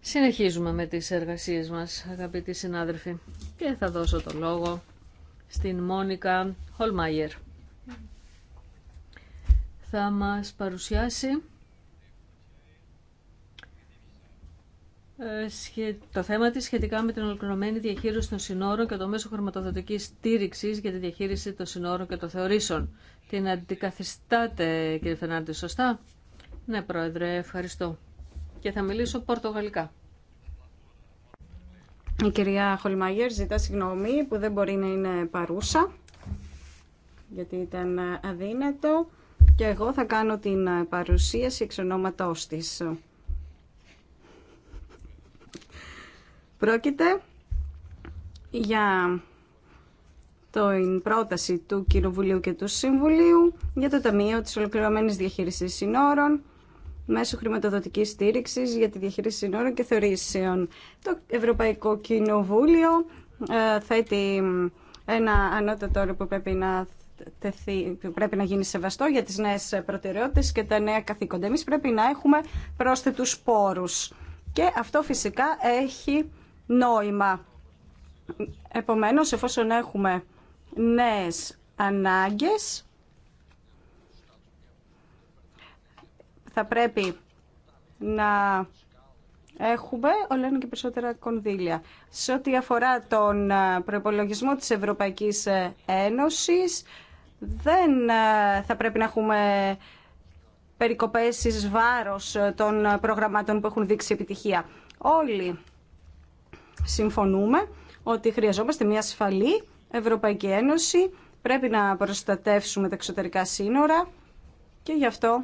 Συνεχίζουμε με τις εργασίες μας, αγαπητοί συνάδελφοι, και θα δώσω το λόγο στην Μόνικα Χολμάιερ. Θα μας παρουσιάσει ε, το θέμα της σχετικά με την ολοκληρωμένη διαχείριση των συνόρων και το μέσο χρηματοδοτικής στήριξης για τη διαχείριση των συνόρων και των θεωρήσεων. Την αντικαθιστάτε, κύριε Φερνάντη, σωστά. Ναι, Πρόεδρε, ευχαριστώ. Και θα μιλήσω πορτογαλικά. Η κυρία Χολμαγέρ ζητά συγγνώμη που δεν μπορεί να είναι παρούσα, γιατί ήταν αδύνατο και εγώ θα κάνω την παρουσίαση εξ ονόματός της. Πρόκειται για την πρόταση του Κοινοβουλίου και του Συμβουλίου για το Ταμείο της Ολοκληρωμένης Διαχείρισης Συνόρων μέσω χρηματοδοτική στήριξης για τη διαχείριση συνόρων και θεωρήσεων. Το Ευρωπαϊκό Κοινοβούλιο ε, θέτει ένα ανώτατο όριο που πρέπει να πρέπει να γίνει σεβαστό για τις νέες προτεραιότητες και τα νέα καθήκοντα. Εμείς πρέπει να έχουμε πρόσθετους πόρους. Και αυτό φυσικά έχει νόημα. Επομένως, εφόσον έχουμε νέες ανάγκες, θα πρέπει να έχουμε όλο ένα και περισσότερα κονδύλια. Σε ό,τι αφορά τον ε, προπολογισμό της Ευρωπαϊκής ε, Ένωσης, δεν ε, θα πρέπει να έχουμε περικοπές εις βάρος των προγραμμάτων που έχουν δείξει επιτυχία. Όλοι συμφωνούμε ότι χρειαζόμαστε μια ασφαλή Ευρωπαϊκή Ένωση, πρέπει να προστατεύσουμε τα εξωτερικά σύνορα και γι' αυτό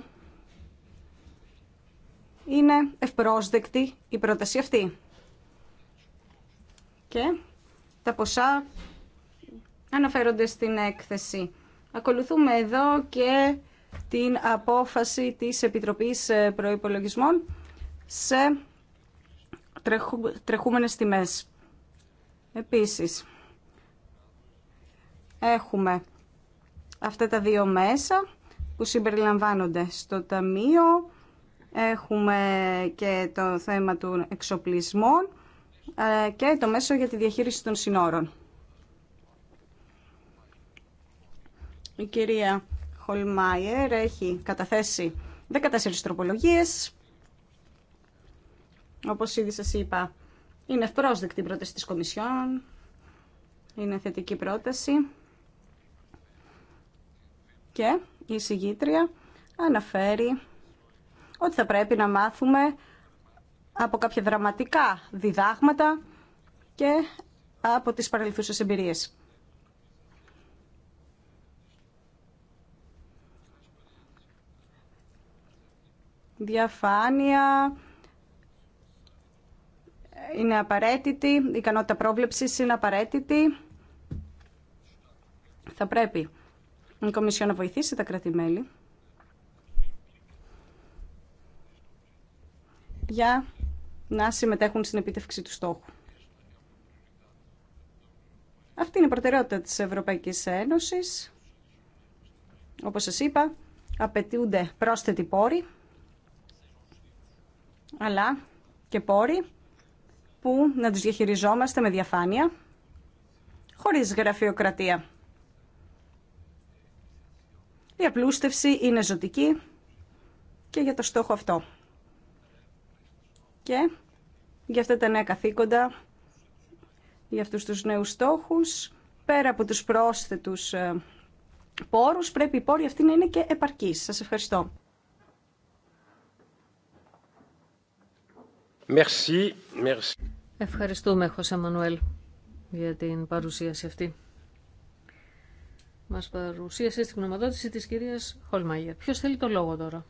είναι ευπρόσδεκτη η πρόταση αυτή. Και τα ποσά αναφέρονται στην έκθεση. Ακολουθούμε εδώ και την απόφαση της Επιτροπής ε, Προϋπολογισμών σε τρεχούμενες τιμές. Επίσης, έχουμε αυτά τα δύο μέσα που συμπεριλαμβάνονται στο Ταμείο Έχουμε και το θέμα των εξοπλισμών ε, και το μέσο για τη διαχείριση των συνόρων. Η κυρία Χολμάιερ έχει καταθέσει 14 τροπολογίες. Όπως ήδη σας είπα, είναι ευπρόσδεκτη η πρόταση της Κομισιόν. Είναι θετική πρόταση. Και η συγγήτρια αναφέρει ότι θα πρέπει να μάθουμε από κάποια δραματικά διδάγματα και από τις παρελθούσες εμπειρίες. Διαφάνεια είναι απαραίτητη, η ικανότητα πρόβλεψης είναι απαραίτητη. Θα πρέπει η Κομισιόν να βοηθήσει τα κρατημέλη. για να συμμετέχουν στην επίτευξη του στόχου. Αυτή είναι η προτεραιότητα της Ευρωπαϊκής Ένωσης. Όπως σας είπα, απαιτούνται πρόσθετοι πόροι, αλλά και πόροι που να τους διαχειριζόμαστε με διαφάνεια, χωρίς γραφειοκρατία. Η απλούστευση είναι ζωτική και για το στόχο αυτό και για αυτά τα νέα καθήκοντα, για αυτούς τους νέους στόχους, πέρα από τους πρόσθετους ε, πόρους, πρέπει οι πόροι αυτοί να είναι και επαρκής. Σας ευχαριστώ. Ευχαριστούμε, Χωσέ Μανουέλ, για την παρουσίαση αυτή. Μας παρουσίασε στην γνωματότηση της κυρίας Χολμάγερ. Ποιος θέλει το λόγο τώρα.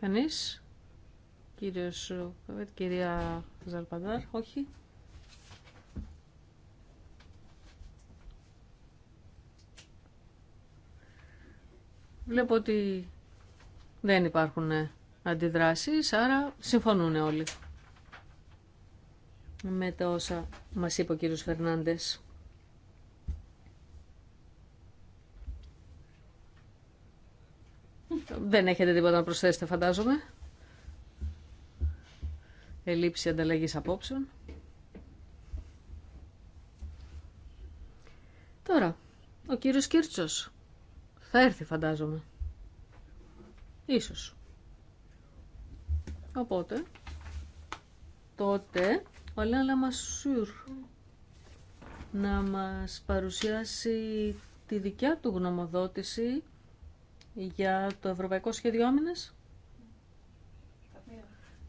Κανείς. Κύριος ε, κυρία Ζαλπαντάρ, όχι. Βλέπω ότι δεν υπάρχουν ε, αντιδράσεις, άρα συμφωνούν όλοι με τα όσα μας είπε ο κύριος Φερνάντες. Δεν έχετε τίποτα να προσθέσετε φαντάζομαι. Ελήψη ανταλλαγή απόψεων. Τώρα, ο κύριος Κύρτσος θα έρθει φαντάζομαι. Ίσως. Οπότε, τότε ο Αλένα Μασούρ να μας παρουσιάσει τη δικιά του γνωμοδότηση για το Ευρωπαϊκό Σχέδιο Άμυνας.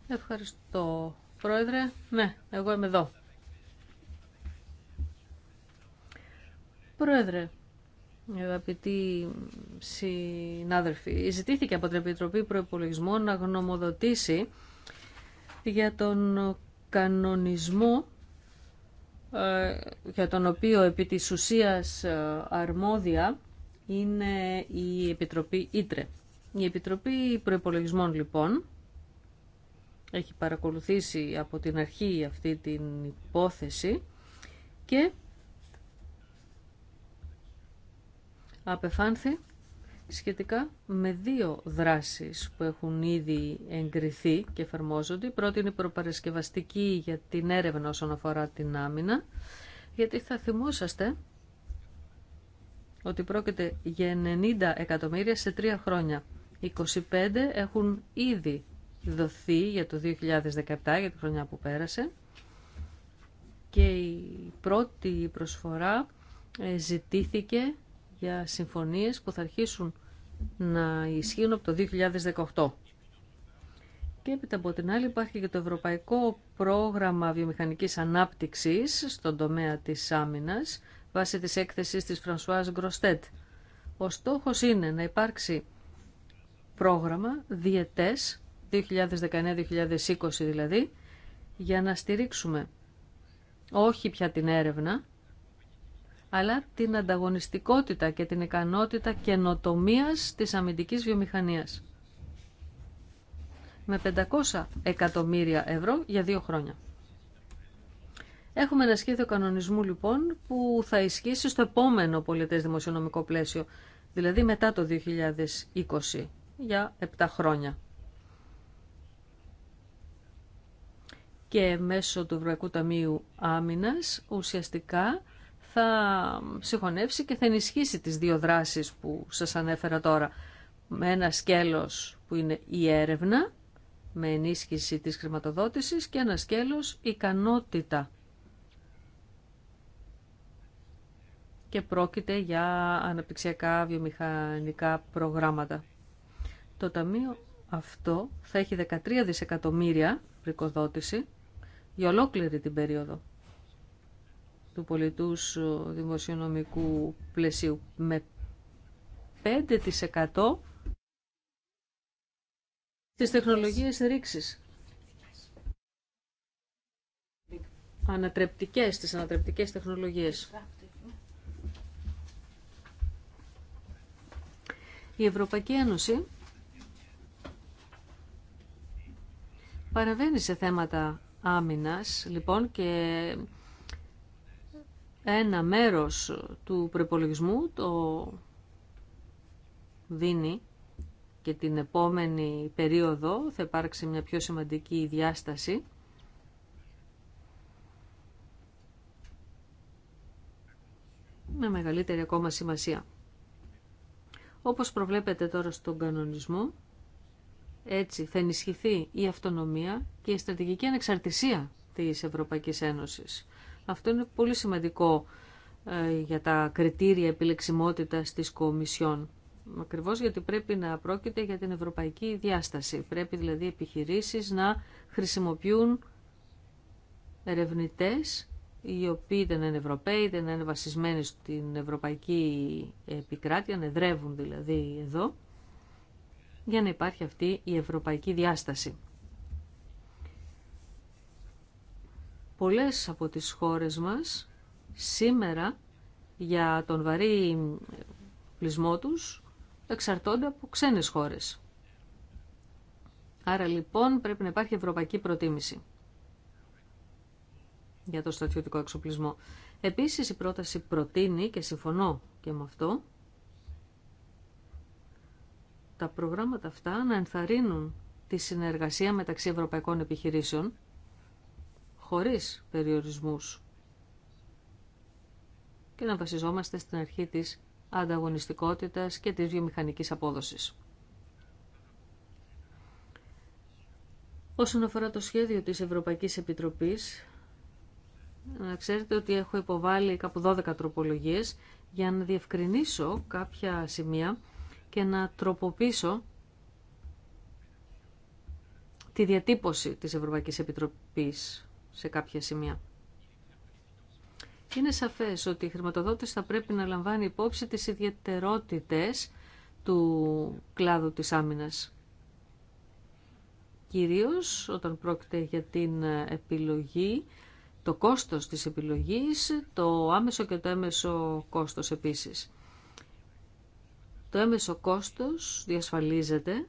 Ευχαριστώ, Πρόεδρε. Ναι, εγώ είμαι εδώ. Πρόεδρε, αγαπητοί συνάδελφοι, ζητήθηκε από την Επιτροπή Προϋπολογισμών να γνωμοδοτήσει για τον κανονισμό ε, για τον οποίο επί της ουσίας ε, αρμόδια είναι η Επιτροπή Ήτρε. Η Επιτροπή Προϋπολογισμών λοιπόν έχει παρακολουθήσει από την αρχή αυτή την υπόθεση και απεφάνθη σχετικά με δύο δράσεις που έχουν ήδη εγκριθεί και εφαρμόζονται. Η πρώτη είναι η προπαρασκευαστική για την έρευνα όσον αφορά την άμυνα, γιατί θα θυμόσαστε ότι πρόκειται για 90 εκατομμύρια σε τρία χρόνια. 25 έχουν ήδη δοθεί για το 2017, για τη χρονιά που πέρασε και η πρώτη προσφορά ε, ζητήθηκε για συμφωνίες που θα αρχίσουν να ισχύουν από το 2018. Και έπειτα από την άλλη υπάρχει και το Ευρωπαϊκό Πρόγραμμα Βιομηχανικής Ανάπτυξης στον τομέα της άμυνας βάσει της έκθεσης της Φρανσουάζ Γκροστέτ. Ο στόχος είναι να υπάρξει πρόγραμμα διετές, 2019-2020 δηλαδή, για να στηρίξουμε όχι πια την έρευνα, αλλά την ανταγωνιστικότητα και την ικανότητα καινοτομίας της αμυντικής βιομηχανίας. Με 500 εκατομμύρια ευρώ για δύο χρόνια. Έχουμε ένα σχέδιο κανονισμού λοιπόν που θα ισχύσει στο επόμενο πολιτές δημοσιονομικό πλαίσιο, δηλαδή μετά το 2020, για 7 χρόνια. Και μέσω του Ευρωπαϊκού Ταμείου Άμυνας ουσιαστικά θα συγχωνεύσει και θα ενισχύσει τις δύο δράσεις που σας ανέφερα τώρα. Με ένα σκέλος που είναι η έρευνα, με ενίσχυση της χρηματοδότησης και ένα σκέλος ικανότητα και πρόκειται για αναπτυξιακά βιομηχανικά προγράμματα. Το Ταμείο αυτό θα έχει 13 δισεκατομμύρια πρικοδότηση για ολόκληρη την περίοδο του πολιτούς δημοσιονομικού πλαισίου με 5% στις τεχνολογίες ρήξης. Ανατρεπτικές, τις ανατρεπτικές τεχνολογίες. Η Ευρωπαϊκή Ένωση παραβαίνει σε θέματα άμυνας, λοιπόν, και ένα μέρος του προπολογισμού το δίνει και την επόμενη περίοδο θα υπάρξει μια πιο σημαντική διάσταση. με μεγαλύτερη ακόμα σημασία. Όπως προβλέπετε τώρα στον κανονισμό, έτσι θα ενισχυθεί η αυτονομία και η στρατηγική ανεξαρτησία της Ευρωπαϊκής Ένωσης. Αυτό είναι πολύ σημαντικό ε, για τα κριτήρια επιλεξιμότητας της Κομισιόν. Ακριβώς γιατί πρέπει να πρόκειται για την ευρωπαϊκή διάσταση. Πρέπει δηλαδή επιχειρήσεις να χρησιμοποιούν ερευνητές οι οποίοι δεν είναι Ευρωπαίοι, δεν είναι βασισμένοι στην ευρωπαϊκή επικράτεια, ανεδρεύουν δηλαδή εδώ, για να υπάρχει αυτή η ευρωπαϊκή διάσταση. Πολλές από τις χώρες μας σήμερα για τον βαρύ πλεισμό τους εξαρτώνται από ξένες χώρες. Άρα λοιπόν πρέπει να υπάρχει ευρωπαϊκή προτίμηση για το στρατιωτικό εξοπλισμό. Επίσης η πρόταση προτείνει και συμφωνώ και με αυτό τα προγράμματα αυτά να ενθαρρύνουν τη συνεργασία μεταξύ ευρωπαϊκών επιχειρήσεων χωρίς περιορισμούς και να βασιζόμαστε στην αρχή της ανταγωνιστικότητας και της βιομηχανικής απόδοσης. Όσον αφορά το σχέδιο της Ευρωπαϊκής Επιτροπής να Ξέρετε ότι έχω υποβάλει κάπου 12 τροπολογίες για να διευκρινίσω κάποια σημεία και να τροποποιήσω τη διατύπωση της Ευρωπαϊκής Επιτροπής σε κάποια σημεία. Είναι σαφές ότι η χρηματοδότηση θα πρέπει να λαμβάνει υπόψη τις ιδιαιτερότητες του κλάδου της άμυνας. Κυρίως όταν πρόκειται για την επιλογή το κόστος της επιλογής, το άμεσο και το έμεσο κόστος επίσης. Το έμεσο κόστος διασφαλίζεται,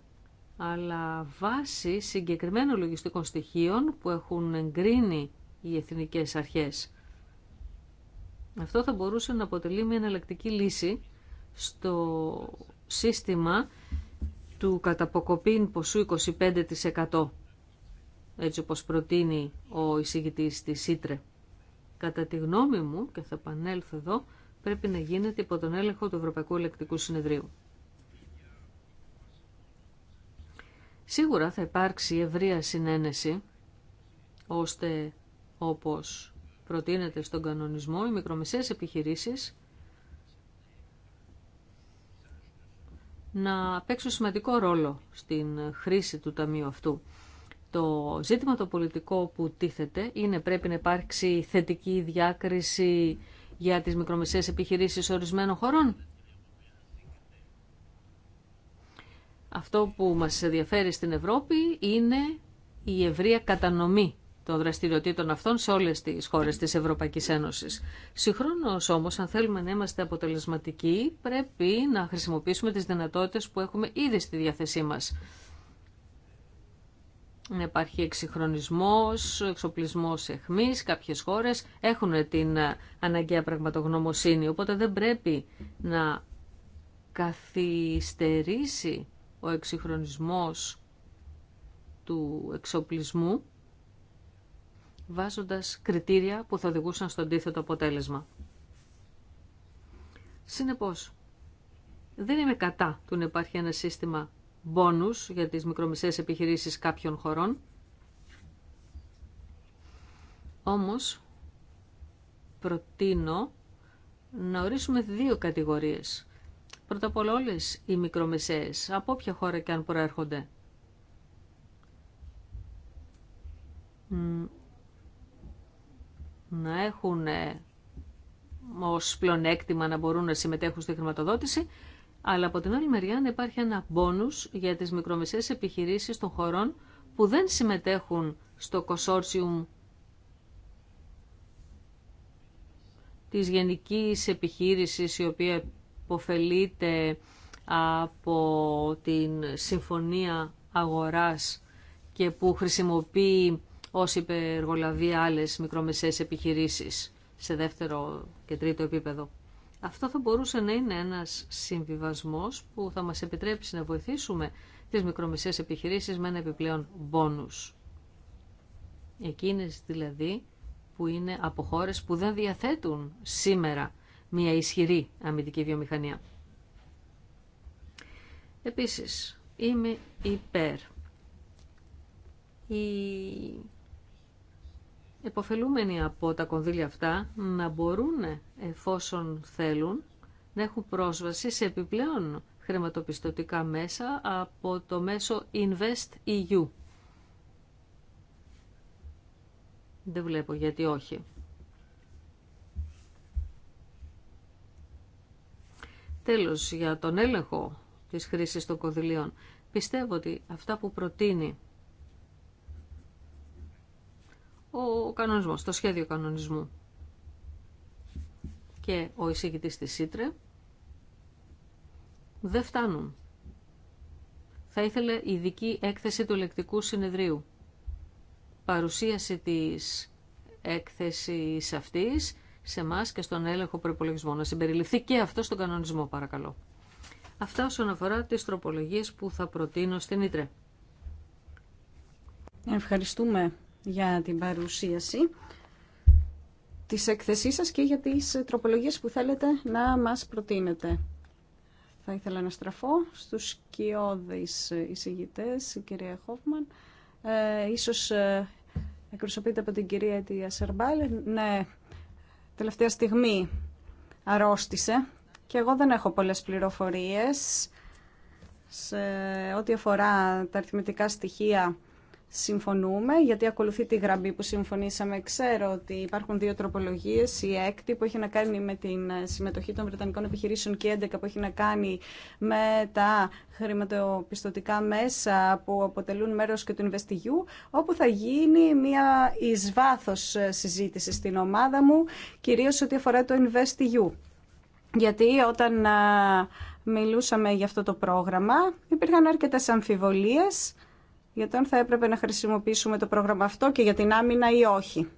αλλά βάσει συγκεκριμένων λογιστικών στοιχείων που έχουν εγκρίνει οι εθνικές αρχές. Αυτό θα μπορούσε να αποτελεί μια εναλλακτική λύση στο σύστημα του καταποκοπήν ποσού 25% έτσι όπως προτείνει ο εισηγητής της ΣΥΤΡΕ. Κατά τη γνώμη μου, και θα επανέλθω εδώ, πρέπει να γίνεται υπό τον έλεγχο του Ευρωπαϊκού Ελεκτικού Συνεδρίου. Σίγουρα θα υπάρξει ευρεία συνένεση, ώστε όπως προτείνεται στον κανονισμό, οι μικρομεσαίες επιχειρήσεις να παίξουν σημαντικό ρόλο στην χρήση του ταμείου αυτού. Το ζήτημα το πολιτικό που τίθεται είναι πρέπει να υπάρξει θετική διάκριση για τις μικρομεσαίες επιχειρήσεις ορισμένων χωρών. Αυτό που μας ενδιαφέρει στην Ευρώπη είναι η ευρεία κατανομή των δραστηριοτήτων αυτών σε όλες τις χώρες της Ευρωπαϊκής Ένωσης. Συγχρόνως όμως, αν θέλουμε να είμαστε αποτελεσματικοί, πρέπει να χρησιμοποιήσουμε τις δυνατότητες που έχουμε ήδη στη διάθεσή μας. Υπάρχει εξυγχρονισμός, εξοπλισμός εχμής. Κάποιες χώρες έχουν την αναγκαία πραγματογνωμοσύνη, οπότε δεν πρέπει να καθυστερήσει ο εξυγχρονισμός του εξοπλισμού βάζοντας κριτήρια που θα οδηγούσαν στο αντίθετο αποτέλεσμα. Συνεπώς, δεν είμαι κατά του να υπάρχει ένα σύστημα για τις μικρομεσαίες επιχειρήσεις κάποιων χωρών. Όμως, προτείνω να ορίσουμε δύο κατηγορίες. Πρώτα απ' όλα όλες οι μικρομεσαίες, από όποια χώρα και αν προέρχονται. Να έχουν ως πλονέκτημα να μπορούν να συμμετέχουν στη χρηματοδότηση αλλά από την άλλη μεριά υπάρχει ένα μπόνους για τις μικρομεσαίες επιχειρήσεις των χωρών που δεν συμμετέχουν στο κοσόρσιουμ της γενικής επιχείρησης η οποία υποφελείται από την συμφωνία αγοράς και που χρησιμοποιεί ως υπεργολαβία άλλες μικρομεσαίες επιχειρήσεις σε δεύτερο και τρίτο επίπεδο. Αυτό θα μπορούσε να είναι ένας συμβιβασμός που θα μας επιτρέψει να βοηθήσουμε τις μικρομεσαίες επιχειρήσεις με ένα επιπλέον μπόνους. Εκείνες δηλαδή που είναι από χώρες που δεν διαθέτουν σήμερα μια ισχυρή αμυντική βιομηχανία. Επίσης, είμαι υπέρ. Η εποφελούμενοι από τα κονδύλια αυτά να μπορούν εφόσον θέλουν να έχουν πρόσβαση σε επιπλέον χρηματοπιστωτικά μέσα από το μέσο Invest EU. Δεν βλέπω γιατί όχι. Τέλος, για τον έλεγχο της χρήσης των κονδυλίων. Πιστεύω ότι αυτά που προτείνει ο κανονισμός, το σχέδιο κανονισμού. Και ο εισηγητής της ΣΥΤΡΕ δεν φτάνουν. Θα ήθελε ειδική έκθεση του λεκτικού συνεδρίου. Παρουσίαση της έκθεσης αυτής σε εμά και στον έλεγχο προπολογισμού. Να συμπεριληφθεί και αυτό στον κανονισμό, παρακαλώ. Αυτά όσον αφορά τις τροπολογίες που θα προτείνω στην Ήτρε. Ευχαριστούμε για την παρουσίαση της έκθεσής σας και για τις τροπολογίες που θέλετε να μας προτείνετε. Θα ήθελα να στραφώ στους σκιώδεις εισηγητές, η κυρία Χόφμαν. Ε, ίσως ε, εκπροσωπείται από την κυρία Τια Σερμπάλ. Ναι, τελευταία στιγμή αρρώστησε και εγώ δεν έχω πολλές πληροφορίες σε ό,τι αφορά τα αριθμητικά στοιχεία συμφωνούμε, γιατί ακολουθεί τη γραμμή που συμφωνήσαμε. Ξέρω ότι υπάρχουν δύο τροπολογίε. Η έκτη που έχει να κάνει με την ε, συμμετοχή των Βρετανικών επιχειρήσεων και η έντεκα που έχει να κάνει με τα χρηματοπιστωτικά μέσα που αποτελούν μέρο και του InvestEU, όπου θα γίνει μια ει βάθο ε, συζήτηση στην ομάδα μου, κυρίω ό,τι αφορά το InvestEU. Γιατί όταν ε, μιλούσαμε για αυτό το πρόγραμμα, υπήρχαν αρκετές αμφιβολίες για το αν θα έπρεπε να χρησιμοποιήσουμε το πρόγραμμα αυτό και για την άμυνα ή όχι.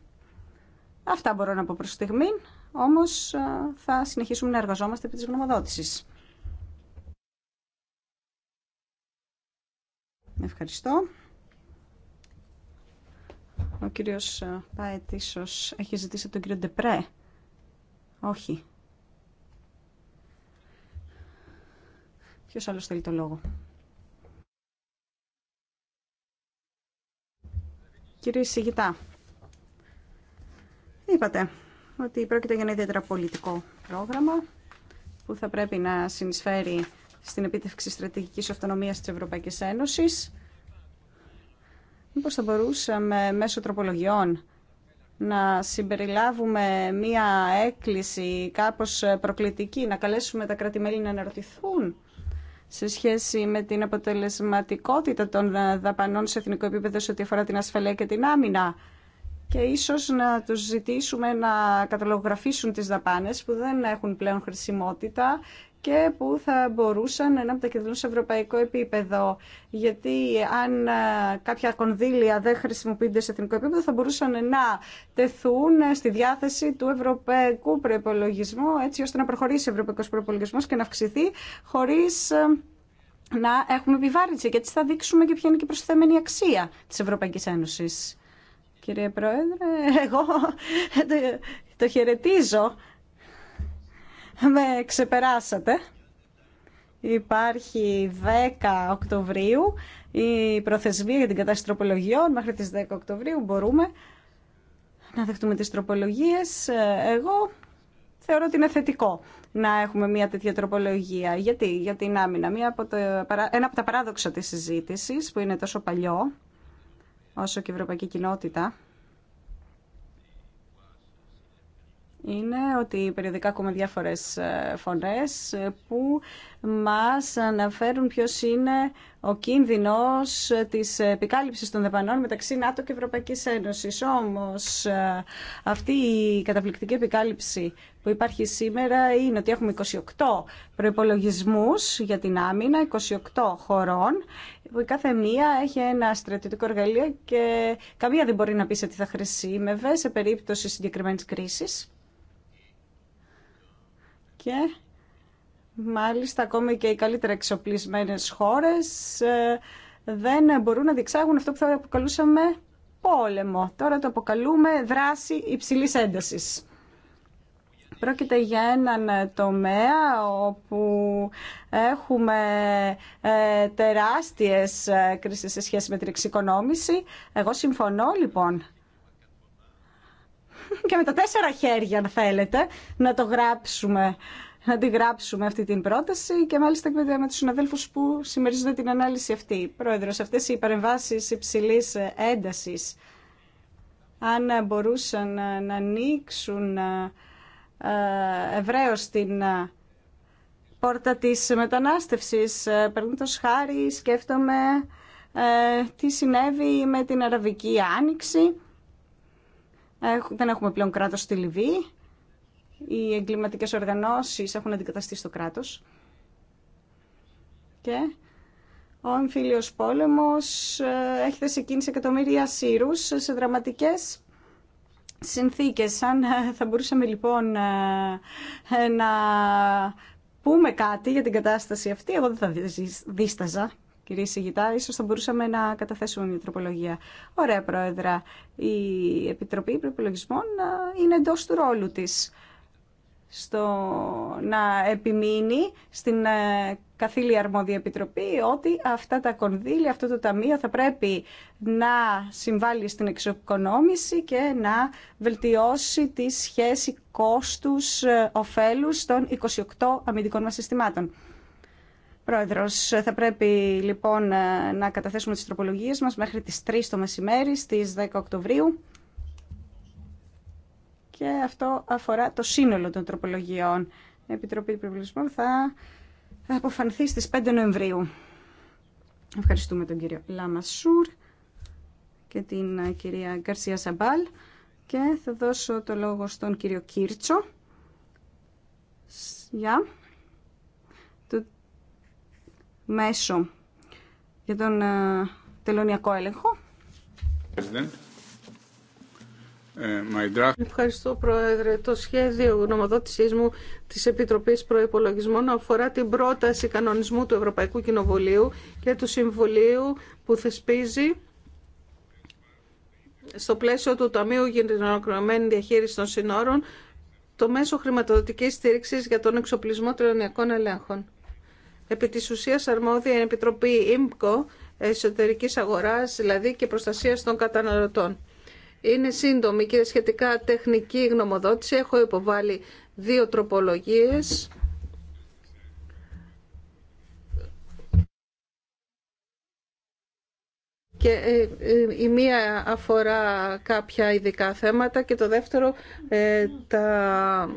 Αυτά μπορώ να πω τη στιγμή, όμως θα συνεχίσουμε να εργαζόμαστε επί της γνωμοδότησης. Ευχαριστώ. Ο κύριο Πάετ ίσω έχει ζητήσει τον κύριο Ντεπρέ. Όχι. Ποιος άλλος θέλει το λόγο. Κύριε Σιγητά, είπατε ότι πρόκειται για ένα ιδιαίτερα πολιτικό πρόγραμμα που θα πρέπει να συνεισφέρει στην επίτευξη στρατηγικής αυτονομίας της Ευρωπαϊκής Ένωσης. Μήπως θα μπορούσαμε μέσω τροπολογιών να συμπεριλάβουμε μία έκκληση κάπως προκλητική, να καλέσουμε τα κράτη-μέλη να αναρωτηθούν σε σχέση με την αποτελεσματικότητα των ε, δαπανών σε εθνικό επίπεδο σε ό,τι αφορά την ασφαλεία και την άμυνα. Και ίσως να τους ζητήσουμε να καταλογραφήσουν τις δαπάνες που δεν έχουν πλέον χρησιμότητα και που θα μπορούσαν να μετακινηθούν σε ευρωπαϊκό επίπεδο. Γιατί αν ε, κάποια κονδύλια δεν χρησιμοποιούνται σε εθνικό επίπεδο, θα μπορούσαν να τεθούν στη διάθεση του ευρωπαϊκού προπολογισμού, έτσι ώστε να προχωρήσει ο ευρωπαϊκό προπολογισμό και να αυξηθεί χωρί ε, να έχουμε επιβάρυνση. Γιατί θα δείξουμε και ποια είναι και η προσθέμενη αξία τη Ευρωπαϊκή Ένωση. Κύριε Πρόεδρε, εγώ το χαιρετίζω με ξεπεράσατε. Υπάρχει 10 Οκτωβρίου η προθεσμία για την κατάσταση τροπολογιών. Μέχρι τις 10 Οκτωβρίου μπορούμε να δεχτούμε τις τροπολογίες. Εγώ θεωρώ ότι είναι θετικό να έχουμε μια τέτοια τροπολογία. Γιατί, για την άμυνα. Μια ένα από τα παράδοξα της συζήτησης που είναι τόσο παλιό όσο και η Ευρωπαϊκή Κοινότητα είναι ότι περιοδικά ακούμε διάφορες ε, φωνές ε, που μας αναφέρουν ποιος είναι ο κίνδυνος ε, της επικάλυψης των δεπανών μεταξύ ΝΑΤΟ και Ευρωπαϊκής Ένωσης. Όμως αυτή η καταπληκτική επικάλυψη που υπάρχει σήμερα είναι ότι έχουμε 28 προϋπολογισμούς για την άμυνα, 28 χωρών, που η κάθε μία έχει ένα στρατιωτικό εργαλείο και καμία δεν μπορεί να πει σε τι θα χρησιμεύε σε περίπτωση συγκεκριμένης κρίσης και μάλιστα ακόμη και οι καλύτερα εξοπλισμένες χώρες ε, δεν μπορούν να διεξάγουν αυτό που θα αποκαλούσαμε πόλεμο. Τώρα το αποκαλούμε δράση υψηλής έντασης. Πρόκειται για έναν τομέα όπου έχουμε ε, τεράστιες ε, κρίσεις σε σχέση με την εξοικονόμηση. Εγώ συμφωνώ λοιπόν και με τα τέσσερα χέρια, αν θέλετε, να το γράψουμε, να τη γράψουμε αυτή την πρόταση και μάλιστα και με του συναδέλφου που συμμερίζονται την ανάλυση αυτή. Πρόεδρος, αυτές οι παρεμβάσει υψηλή έντασης, αν μπορούσαν να ανοίξουν ε, ευρέως την πόρτα τη μετανάστευση. Ε, Παραδείγματο χάρη σκέφτομαι ε, τι συνέβη με την Αραβική Άνοιξη, δεν έχουμε πλέον κράτος στη Λιβύη. Οι εγκληματικές οργανώσεις έχουν αντικαταστήσει το κράτος. Και ο εμφύλιος πόλεμος ε, έχει θέσει κίνηση εκατομμύρια σύρους σε δραματικές συνθήκες. Αν ε, θα μπορούσαμε λοιπόν ε, να πούμε κάτι για την κατάσταση αυτή, εγώ δεν θα δίσταζα Κύριε Σιγητά, ίσω θα μπορούσαμε να καταθέσουμε μια τροπολογία. Ωραία, Πρόεδρα. Η Επιτροπή Προπολογισμών είναι εντό του ρόλου τη στο να επιμείνει στην ε, καθήλια αρμόδια επιτροπή ότι αυτά τα κονδύλια, αυτό το ταμείο θα πρέπει να συμβάλλει στην εξοικονόμηση και να βελτιώσει τη σχέση κόστους-οφέλους ε, των 28 αμυντικών μας συστημάτων. Πρόεδρος, θα πρέπει λοιπόν να καταθέσουμε τις τροπολογίες μας μέχρι τις 3 το μεσημέρι στις 10 Οκτωβρίου και αυτό αφορά το σύνολο των τροπολογιών. Η Επιτροπή Προβλησμών θα αποφανθεί στις 5 Νοεμβρίου. Ευχαριστούμε τον κύριο Λάμα Σουρ και την ε, κυρία Γκαρσία Σαμπάλ και θα δώσω το λόγο στον κύριο Κίρτσο. Γεια μέσο για τον ε, τελωνιακό έλεγχο. Ε, Ευχαριστώ, Πρόεδρε. Το σχέδιο γνωμοδότησής μου της Επιτροπής Προϋπολογισμών αφορά την πρόταση κανονισμού του Ευρωπαϊκού Κοινοβουλίου και του Συμβουλίου που θεσπίζει στο πλαίσιο του Ταμείου Γενικονοικονομικής Διαχείριση των Συνόρων το μέσο χρηματοδοτικής στήριξης για τον εξοπλισμό τελωνιακών ελέγχων. Επί της ουσίας αρμόδια η Επιτροπή ΙΜΚΟ εσωτερικής αγοράς, δηλαδή και προστασίας των καταναλωτών. Είναι σύντομη και σχετικά τεχνική γνωμοδότηση. Έχω υποβάλει δύο τροπολογίες. Και ε, ε, η μία αφορά κάποια ειδικά θέματα και το δεύτερο ε, τα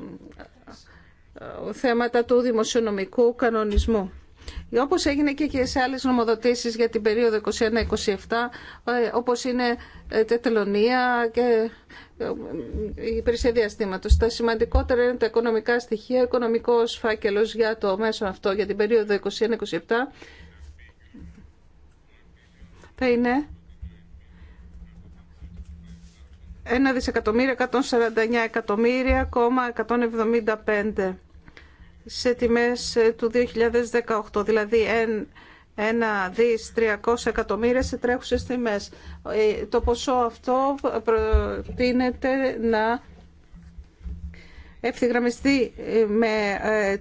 θέματα του δημοσιονομικού κανονισμού. Όπως έγινε και σε άλλες νομοδοτήσεις για την περίοδο 21-27, ε, όπως είναι ε, τετελωνία και ε, η υπηρεσία διαστήματος. Τα σημαντικότερα είναι τα οικονομικά στοιχεία, οικονομικός φάκελος για το μέσο αυτό για την περίοδο 21-27 θα είναι 1 δισεκατομμύρια 149 εκατομμύρια, σε τιμές ε, του 2018, δηλαδή ένα δις 300 εκατομμύρια σε τρέχουσες τιμές. Ε, το ποσό αυτό προτείνεται να ευθυγραμμιστεί ε, με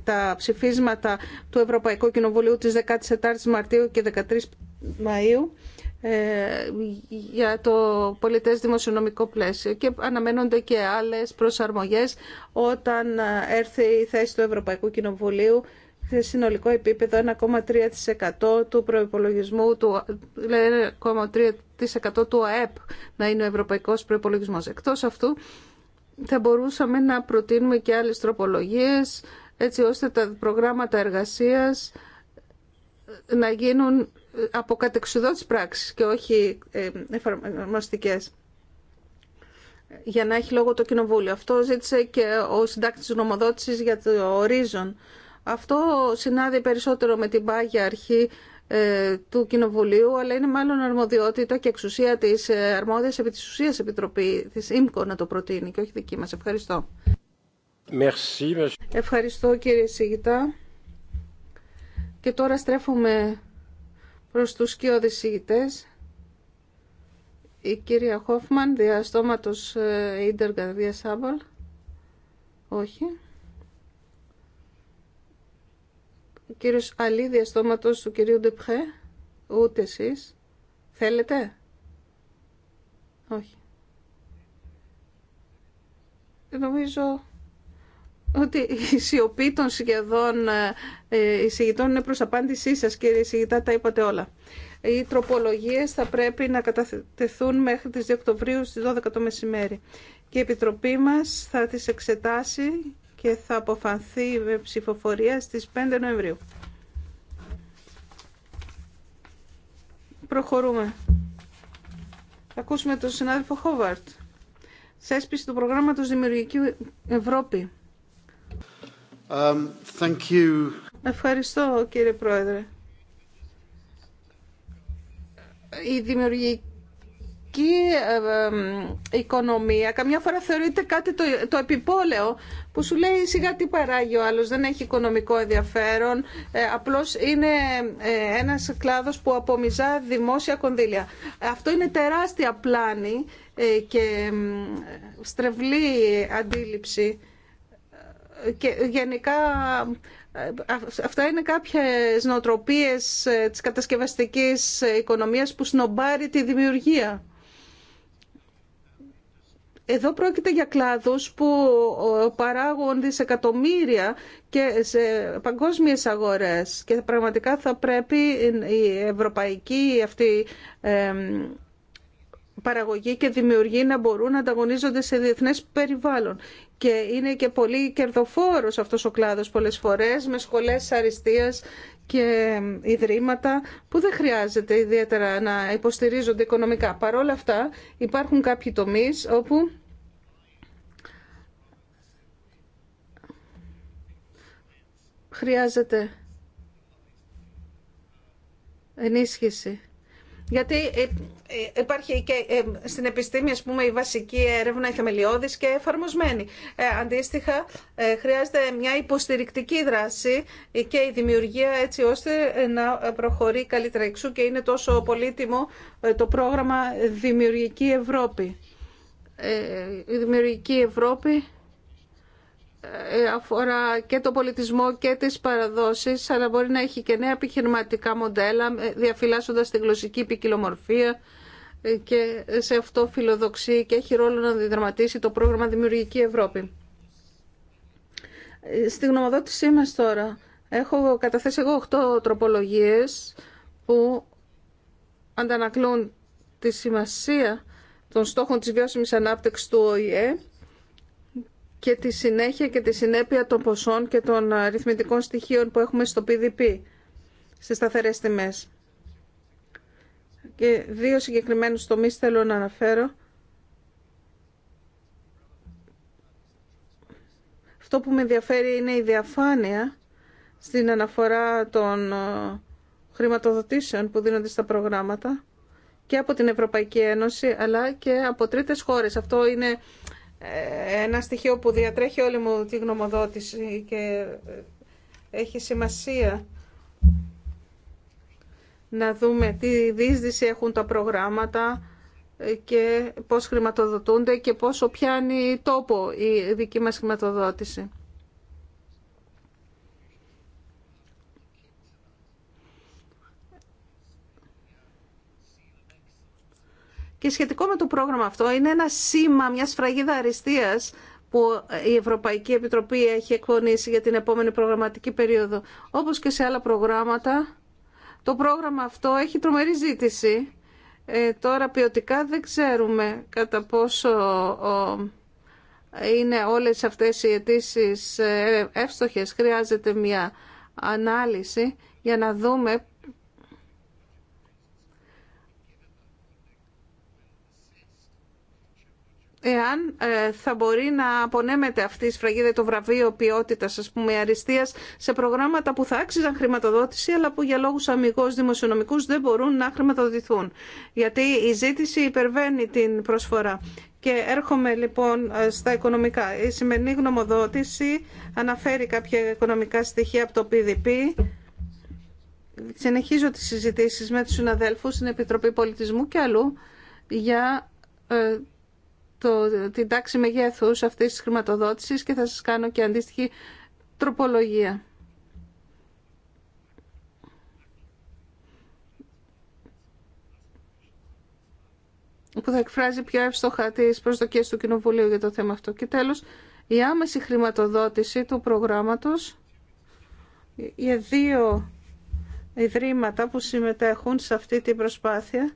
τα ψηφίσματα του Ευρωπαϊκού Κοινοβουλίου της 14 Μαρτίου και 13 Μαΐου ε, για το πολιτές δημοσιονομικό πλαίσιο και αναμένονται και άλλες προσαρμογές όταν έρθει η θέση του Ευρωπαϊκού Κοινοβουλίου σε συνολικό επίπεδο 1,3% του προϋπολογισμού του, 1,3% του ΑΕΠ να είναι ο ευρωπαϊκός προϋπολογισμός. Εκτός αυτού θα μπορούσαμε να προτείνουμε και άλλες τροπολογίες έτσι ώστε τα προγράμματα εργασίας να γίνουν από κατεξουδότης πράξης και όχι ε, εφαρμοστικέ. για να έχει λόγο το Κοινοβούλιο. Αυτό ζήτησε και ο συντάκτης νομοδότησης για το ορίζον. Αυτό συνάδει περισσότερο με την πάγια αρχή ε, του Κοινοβουλίου, αλλά είναι μάλλον αρμοδιότητα και εξουσία της ε, αρμόδιας επί της ουσίας επιτροπή της ΙΜΚΟ να το προτείνει και όχι δική μας. Ευχαριστώ. Merci. Ευχαριστώ κύριε Σίγητα. Και τώρα στρέφουμε προς τους σκιώδησίτες. Η κυρία Χόφμαν, διαστόματος ε, Ίντερ Γκαρδία Σάμπαλ. Όχι. Ο κύριος Αλή, διαστόματος του κυρίου Ντεπχέ. Ούτε εσείς. Θέλετε. Όχι. Νομίζω ότι η σιωπή των σχεδόν ε, ε, εισηγητών είναι προς απάντησή σας κύριε εισηγητά, τα είπατε όλα. Οι τροπολογίες θα πρέπει να καταθεθούν μέχρι τις 2 Οκτωβρίου στις 12 το μεσημέρι και η Επιτροπή μας θα τις εξετάσει και θα αποφανθεί με ψηφοφορία στις 5 Νοεμβρίου. Προχωρούμε. Θα ακούσουμε τον συνάδελφο Χόβαρτ. Σέσπιση του προγράμματος Δημιουργική Ευρώπη. Um, Ευχαριστώ κύριε Πρόεδρε. Η δημιουργική ε, ε, οικονομία καμιά φορά θεωρείται κάτι το, το επιπόλαιο που σου λέει σιγά τι παράγει ο άλλος, δεν έχει οικονομικό ενδιαφέρον, ε, απλώς είναι ένας κλάδος που απομιζά δημόσια κονδύλια. Αυτό είναι τεράστια πλάνη και στρεβλή αντίληψη και γενικά αυτά είναι κάποιες νοοτροπίες ε, της κατασκευαστικής οικονομίας που σνομπάρει τη δημιουργία. Εδώ πρόκειται για κλάδους που παράγουν δισεκατομμύρια και σε παγκόσμιες αγορές και πραγματικά θα πρέπει η ευρωπαϊκή αυτή παραγωγή και δημιουργεί να μπορούν να ανταγωνίζονται σε διεθνές περιβάλλον. Και είναι και πολύ κερδοφόρος αυτός ο κλάδος πολλές φορές με σχολές αριστείας και ιδρύματα που δεν χρειάζεται ιδιαίτερα να υποστηρίζονται οικονομικά. Παρ' όλα αυτά υπάρχουν κάποιοι τομείς όπου χρειάζεται ενίσχυση γιατί ε, ε, υπάρχει και ε, στην επιστήμη, ας πούμε, η βασική έρευνα, η θεμελιώδης και εφαρμοσμένη. αντίστοιχα, χρειάζεται μια υποστηρικτική δράση και η δημιουργία έτσι ώστε να προχωρεί καλύτερα εξού και είναι τόσο πολύτιμο το πρόγραμμα Δημιουργική Ευρώπη. η Δημιουργική Ευρώπη ε, αφορά και τον πολιτισμό και τις παραδόσεις, αλλά μπορεί να έχει και νέα επιχειρηματικά μοντέλα, ε, διαφυλάσσοντας τη γλωσσική ποικιλομορφία ε, και σε αυτό φιλοδοξεί και έχει ρόλο να διδραματίσει το πρόγραμμα Δημιουργική Ευρώπη. Στη γνωμοδότησή μας τώρα έχω καταθέσει εγώ 8 τροπολογίες που αντανακλούν τη σημασία των στόχων της βιώσιμης ανάπτυξης του ΟΗΕ και τη συνέχεια και τη συνέπεια των ποσών και των ε, αριθμητικών στοιχείων που έχουμε στο PDP στις σταθερές τιμές. Και δύο συγκεκριμένους τομείς θέλω να αναφέρω. Αυτό που με ενδιαφέρει είναι η διαφάνεια στην αναφορά των ε, χρηματοδοτήσεων που δίνονται στα προγράμματα και από την Ευρωπαϊκή Ένωση αλλά και από τρίτες χώρες. Αυτό είναι ε, ένα στοιχείο που διατρέχει όλη μου τη γνωμοδότηση και έχει σημασία να δούμε τι δίσδυση έχουν τα προγράμματα και πώς χρηματοδοτούνται και πόσο πιάνει τόπο η δική μας χρηματοδότηση. Και σχετικό με το πρόγραμμα αυτό είναι ένα σήμα, μια σφραγίδα αριστείας που η Ευρωπαϊκή Επιτροπή έχει εκπονήσει για την επόμενη προγραμματική περίοδο. Όπως και σε άλλα προγράμματα, το πρόγραμμα αυτό έχει τρομερή ζήτηση. Ε, τώρα ποιοτικά δεν ξέρουμε κατά πόσο είναι όλες αυτές οι αιτήσει ε, εύστοχες. Χρειάζεται μια ανάλυση για να δούμε εάν ε, θα μπορεί να απονέμεται αυτή η σφραγίδα το βραβείο ποιότητα, α πούμε, αριστεία σε προγράμματα που θα άξιζαν χρηματοδότηση, αλλά που για λόγου αμυγό δημοσιονομικού δεν μπορούν να χρηματοδοτηθούν. Γιατί η ζήτηση υπερβαίνει την προσφορά. Και έρχομαι λοιπόν ε, στα οικονομικά. Η σημερινή γνωμοδότηση αναφέρει κάποια οικονομικά στοιχεία από το PDP. Συνεχίζω τις συζητήσεις με τους συναδέλφους στην Επιτροπή Πολιτισμού και αλλού για ε, το, την τάξη μεγέθους αυτής της χρηματοδότησης και θα σας κάνω και αντίστοιχη τροπολογία. που θα εκφράζει πιο εύστοχα τις προσδοκίες του Κοινοβουλίου για το θέμα αυτό. Και τέλος, η άμεση χρηματοδότηση του προγράμματος για δύο ιδρύματα που συμμετέχουν σε αυτή την προσπάθεια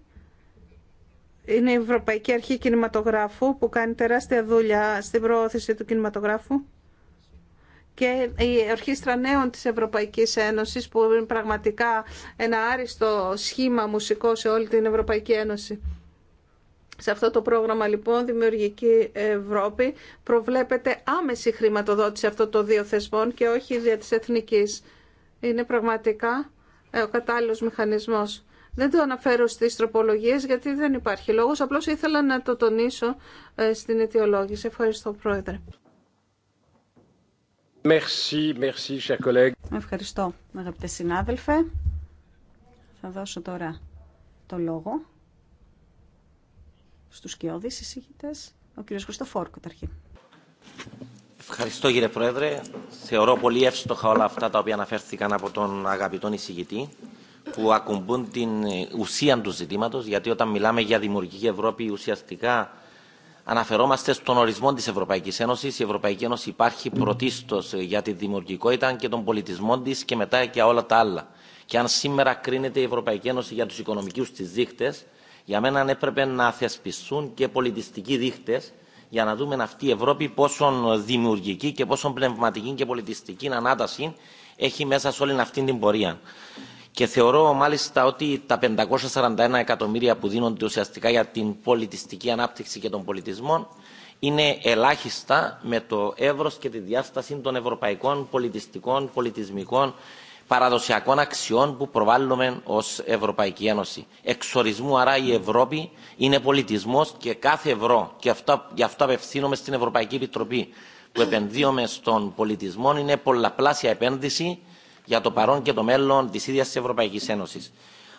είναι η Ευρωπαϊκή Αρχή Κινηματογράφου που κάνει τεράστια δουλειά στην προώθηση του κινηματογράφου και η Ορχήστρα Νέων της Ευρωπαϊκής Ένωσης που είναι πραγματικά ένα άριστο σχήμα μουσικό σε όλη την Ευρωπαϊκή Ένωση. Σε αυτό το πρόγραμμα λοιπόν Δημιουργική Ευρώπη προβλέπεται άμεση χρηματοδότηση αυτών των δύο θεσμών και όχι δια της εθνικής. Είναι πραγματικά ο κατάλληλος μηχανισμός. Δεν το αναφέρω στις τροπολογίες γιατί δεν υπάρχει λόγος. Απλώς ήθελα να το τονίσω ε, στην αιτιολόγηση. Ευχαριστώ, Πρόεδρε. Merci, merci, Ευχαριστώ, αγαπητέ συνάδελφε. Θα δώσω τώρα το λόγο στους κοιόδης εισηγητές. Ο κύριος Χρυστοφόρ, καταρχήν. Ευχαριστώ κύριε Πρόεδρε. Θεωρώ πολύ εύστοχα όλα αυτά τα οποία αναφέρθηκαν από τον αγαπητό εισηγητή που ακουμπούν την ε, ουσία του ζητήματο, γιατί όταν μιλάμε για δημιουργική Ευρώπη ουσιαστικά αναφερόμαστε στον ορισμό τη Ευρωπαϊκή Ένωση. Η Ευρωπαϊκή Ένωση υπάρχει πρωτίστως ε, για τη δημιουργικότητα και τον πολιτισμό τη και μετά και όλα τα άλλα. Και αν σήμερα κρίνεται η Ευρωπαϊκή Ένωση για του οικονομικού τη δείχτε, για μένα έπρεπε να θεσπιστούν και πολιτιστικοί δείχτε για να δούμε αυτή η Ευρώπη πόσο δημιουργική και πόσο πνευματική και πολιτιστική ανάταση έχει μέσα σε όλη αυτή την πορεία και θεωρώ μάλιστα ότι τα 541 εκατομμύρια που δίνονται ουσιαστικά για την πολιτιστική ανάπτυξη και τον πολιτισμό είναι ελάχιστα με το εύρος και τη διάσταση των ευρωπαϊκών πολιτιστικών, πολιτισμικών, παραδοσιακών αξιών που προβάλλουμε ως Ευρωπαϊκή Ένωση. Εξορισμού άρα η Ευρώπη είναι πολιτισμός και κάθε ευρώ, και γι' αυτό απευθύνομαι στην Ευρωπαϊκή Επιτροπή, που επενδύουμε στον πολιτισμό είναι πολλαπλάσια επένδυση για το παρόν και το μέλλον τη ίδια τη Ευρωπαϊκή Ένωση.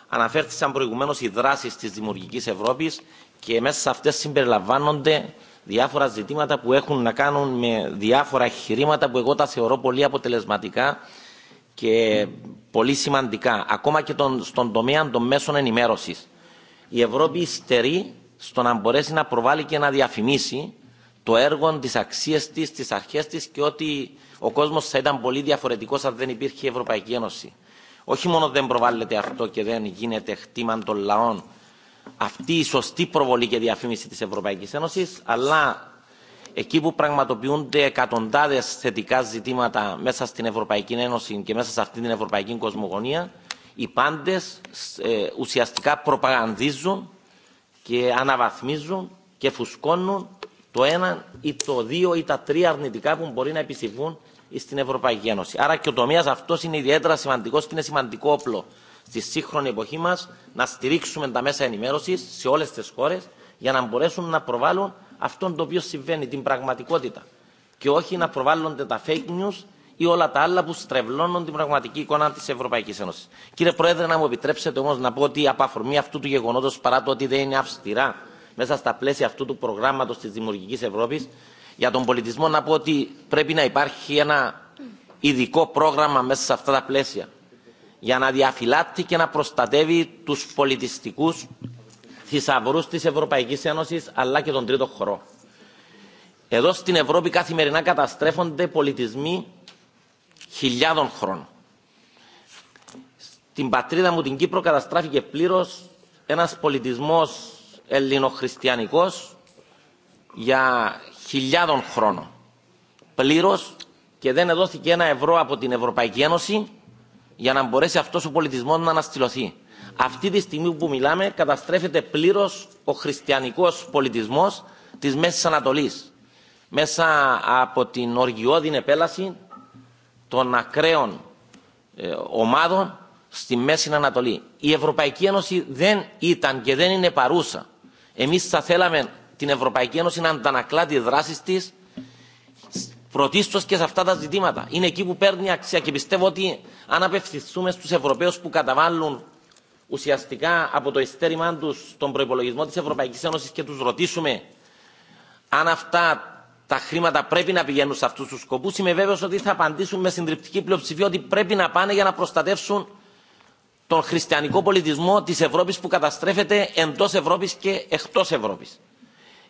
Αναφέρθησαν προηγουμένω οι δράσει τη Δημιουργική Ευρώπη και μέσα σε αυτέ συμπεριλαμβάνονται διάφορα ζητήματα που έχουν να κάνουν με διάφορα χειρήματα που εγώ τα θεωρώ πολύ αποτελεσματικά και πολύ σημαντικά, ακόμα και τον, στον τομέα των μέσων ενημέρωση. Η Ευρώπη στερεί στο να μπορέσει να προβάλλει και να διαφημίσει το έργο, τι αξίε τη, τι αρχέ τη και ό,τι ο κόσμο θα ήταν πολύ διαφορετικό αν δεν υπήρχε η Ευρωπαϊκή Ένωση. Όχι μόνο δεν προβάλλεται αυτό και δεν γίνεται χτήμα των λαών αυτή η σωστή προβολή και διαφήμιση τη Ευρωπαϊκή Ένωση, αλλά εκεί που πραγματοποιούνται εκατοντάδε θετικά ζητήματα μέσα στην Ευρωπαϊκή Ένωση και μέσα σε αυτή την Ευρωπαϊκή Κοσμογονία, οι πάντε ε, ουσιαστικά προπαγανδίζουν και αναβαθμίζουν και φουσκώνουν το ένα ή το δύο ή τα τρία αρνητικά που μπορεί να επισυμβούν στην Ευρωπαϊκή Ένωση. Άρα και ο τομέα αυτό είναι ιδιαίτερα σημαντικό και είναι σημαντικό όπλο στη σύγχρονη εποχή μα να στηρίξουμε τα μέσα ενημέρωση σε όλε τι χώρε για να μπορέσουν να προβάλλουν αυτό το οποίο συμβαίνει, την πραγματικότητα. Και όχι να προβάλλονται τα fake news ή όλα τα άλλα που στρεβλώνουν την πραγματική εικόνα τη Ευρωπαϊκή Ένωση. Κύριε Πρόεδρε, να μου επιτρέψετε όμω να πω ότι η απαφορμή αυτού του γεγονότο, παρά το ότι δεν είναι αυστηρά μέσα στα πλαίσια αυτού του προγράμματο τη Δημιουργική Ευρώπη, για τον πολιτισμό να πω ότι πρέπει να υπάρχει ένα ειδικό πρόγραμμα μέσα σε αυτά τα πλαίσια για να διαφυλάπτει και να προστατεύει τους πολιτιστικούς θησαυρού της Ευρωπαϊκής Ένωσης αλλά και τον τρίτο χώρο. Εδώ στην Ευρώπη καθημερινά καταστρέφονται πολιτισμοί χιλιάδων χρόνων. Στην πατρίδα μου την Κύπρο καταστράφηκε πλήρως ένας πολιτισμός ελληνοχριστιανικός για χιλιάδων χρόνων. Πλήρω και δεν δόθηκε ένα ευρώ από την Ευρωπαϊκή Ένωση για να μπορέσει αυτός ο πολιτισμός να αναστηλωθεί. Αυτή τη στιγμή που μιλάμε καταστρέφεται πλήρω ο χριστιανικός πολιτισμός της Μέση Ανατολή. Μέσα από την οργιώδη επέλαση των ακραίων ε, ομάδων στη Μέση Ανατολή. Η Ευρωπαϊκή Ένωση δεν ήταν και δεν είναι παρούσα. Εμείς θα θέλαμε την Ευρωπαϊκή Ένωση να αντανακλά τη δράση τη πρωτίστω και σε αυτά τα ζητήματα. Είναι εκεί που παίρνει αξία και πιστεύω ότι αν απευθυνθούμε στου Ευρωπαίου που καταβάλουν ουσιαστικά από το ειστέρημά του τον προπολογισμό τη Ευρωπαϊκή Ένωση και του ρωτήσουμε αν αυτά τα χρήματα πρέπει να πηγαίνουν σε αυτού του σκοπού, είμαι βέβαιο ότι θα απαντήσουν με συντριπτική πλειοψηφία ότι πρέπει να πάνε για να προστατεύσουν τον χριστιανικό πολιτισμό τη Ευρώπη που καταστρέφεται εντό Ευρώπη και εκτό Ευρώπη.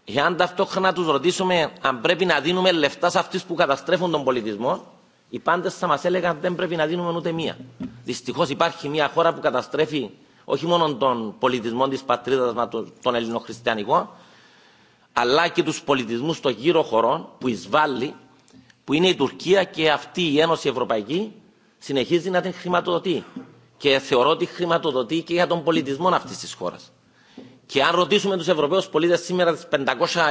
Εάν ταυτόχρονα του ρωτήσουμε αν πρέπει να δίνουμε λεφτά σε αυτού που καταστρέφουν τον πολιτισμό, οι πάντε θα μα έλεγαν δεν πρέπει να δίνουμε ούτε μία. Δυστυχώ υπάρχει μια χώρα που καταστρέφει όχι μόνο τον πολιτισμό τη πατρίδα μα, τον ελληνοχριστιανικό, αλλά και του πολιτισμού των γύρω χωρών που εισβάλλει, που είναι η Τουρκία και αυτή η Ένωση Ευρωπαϊκή συνεχίζει να την χρηματοδοτεί. Και θεωρώ ότι χρηματοδοτεί και για τον πολιτισμό αυτή τη χώρα. Και αν ρωτήσουμε του Ευρωπαίου πολίτε σήμερα τι 500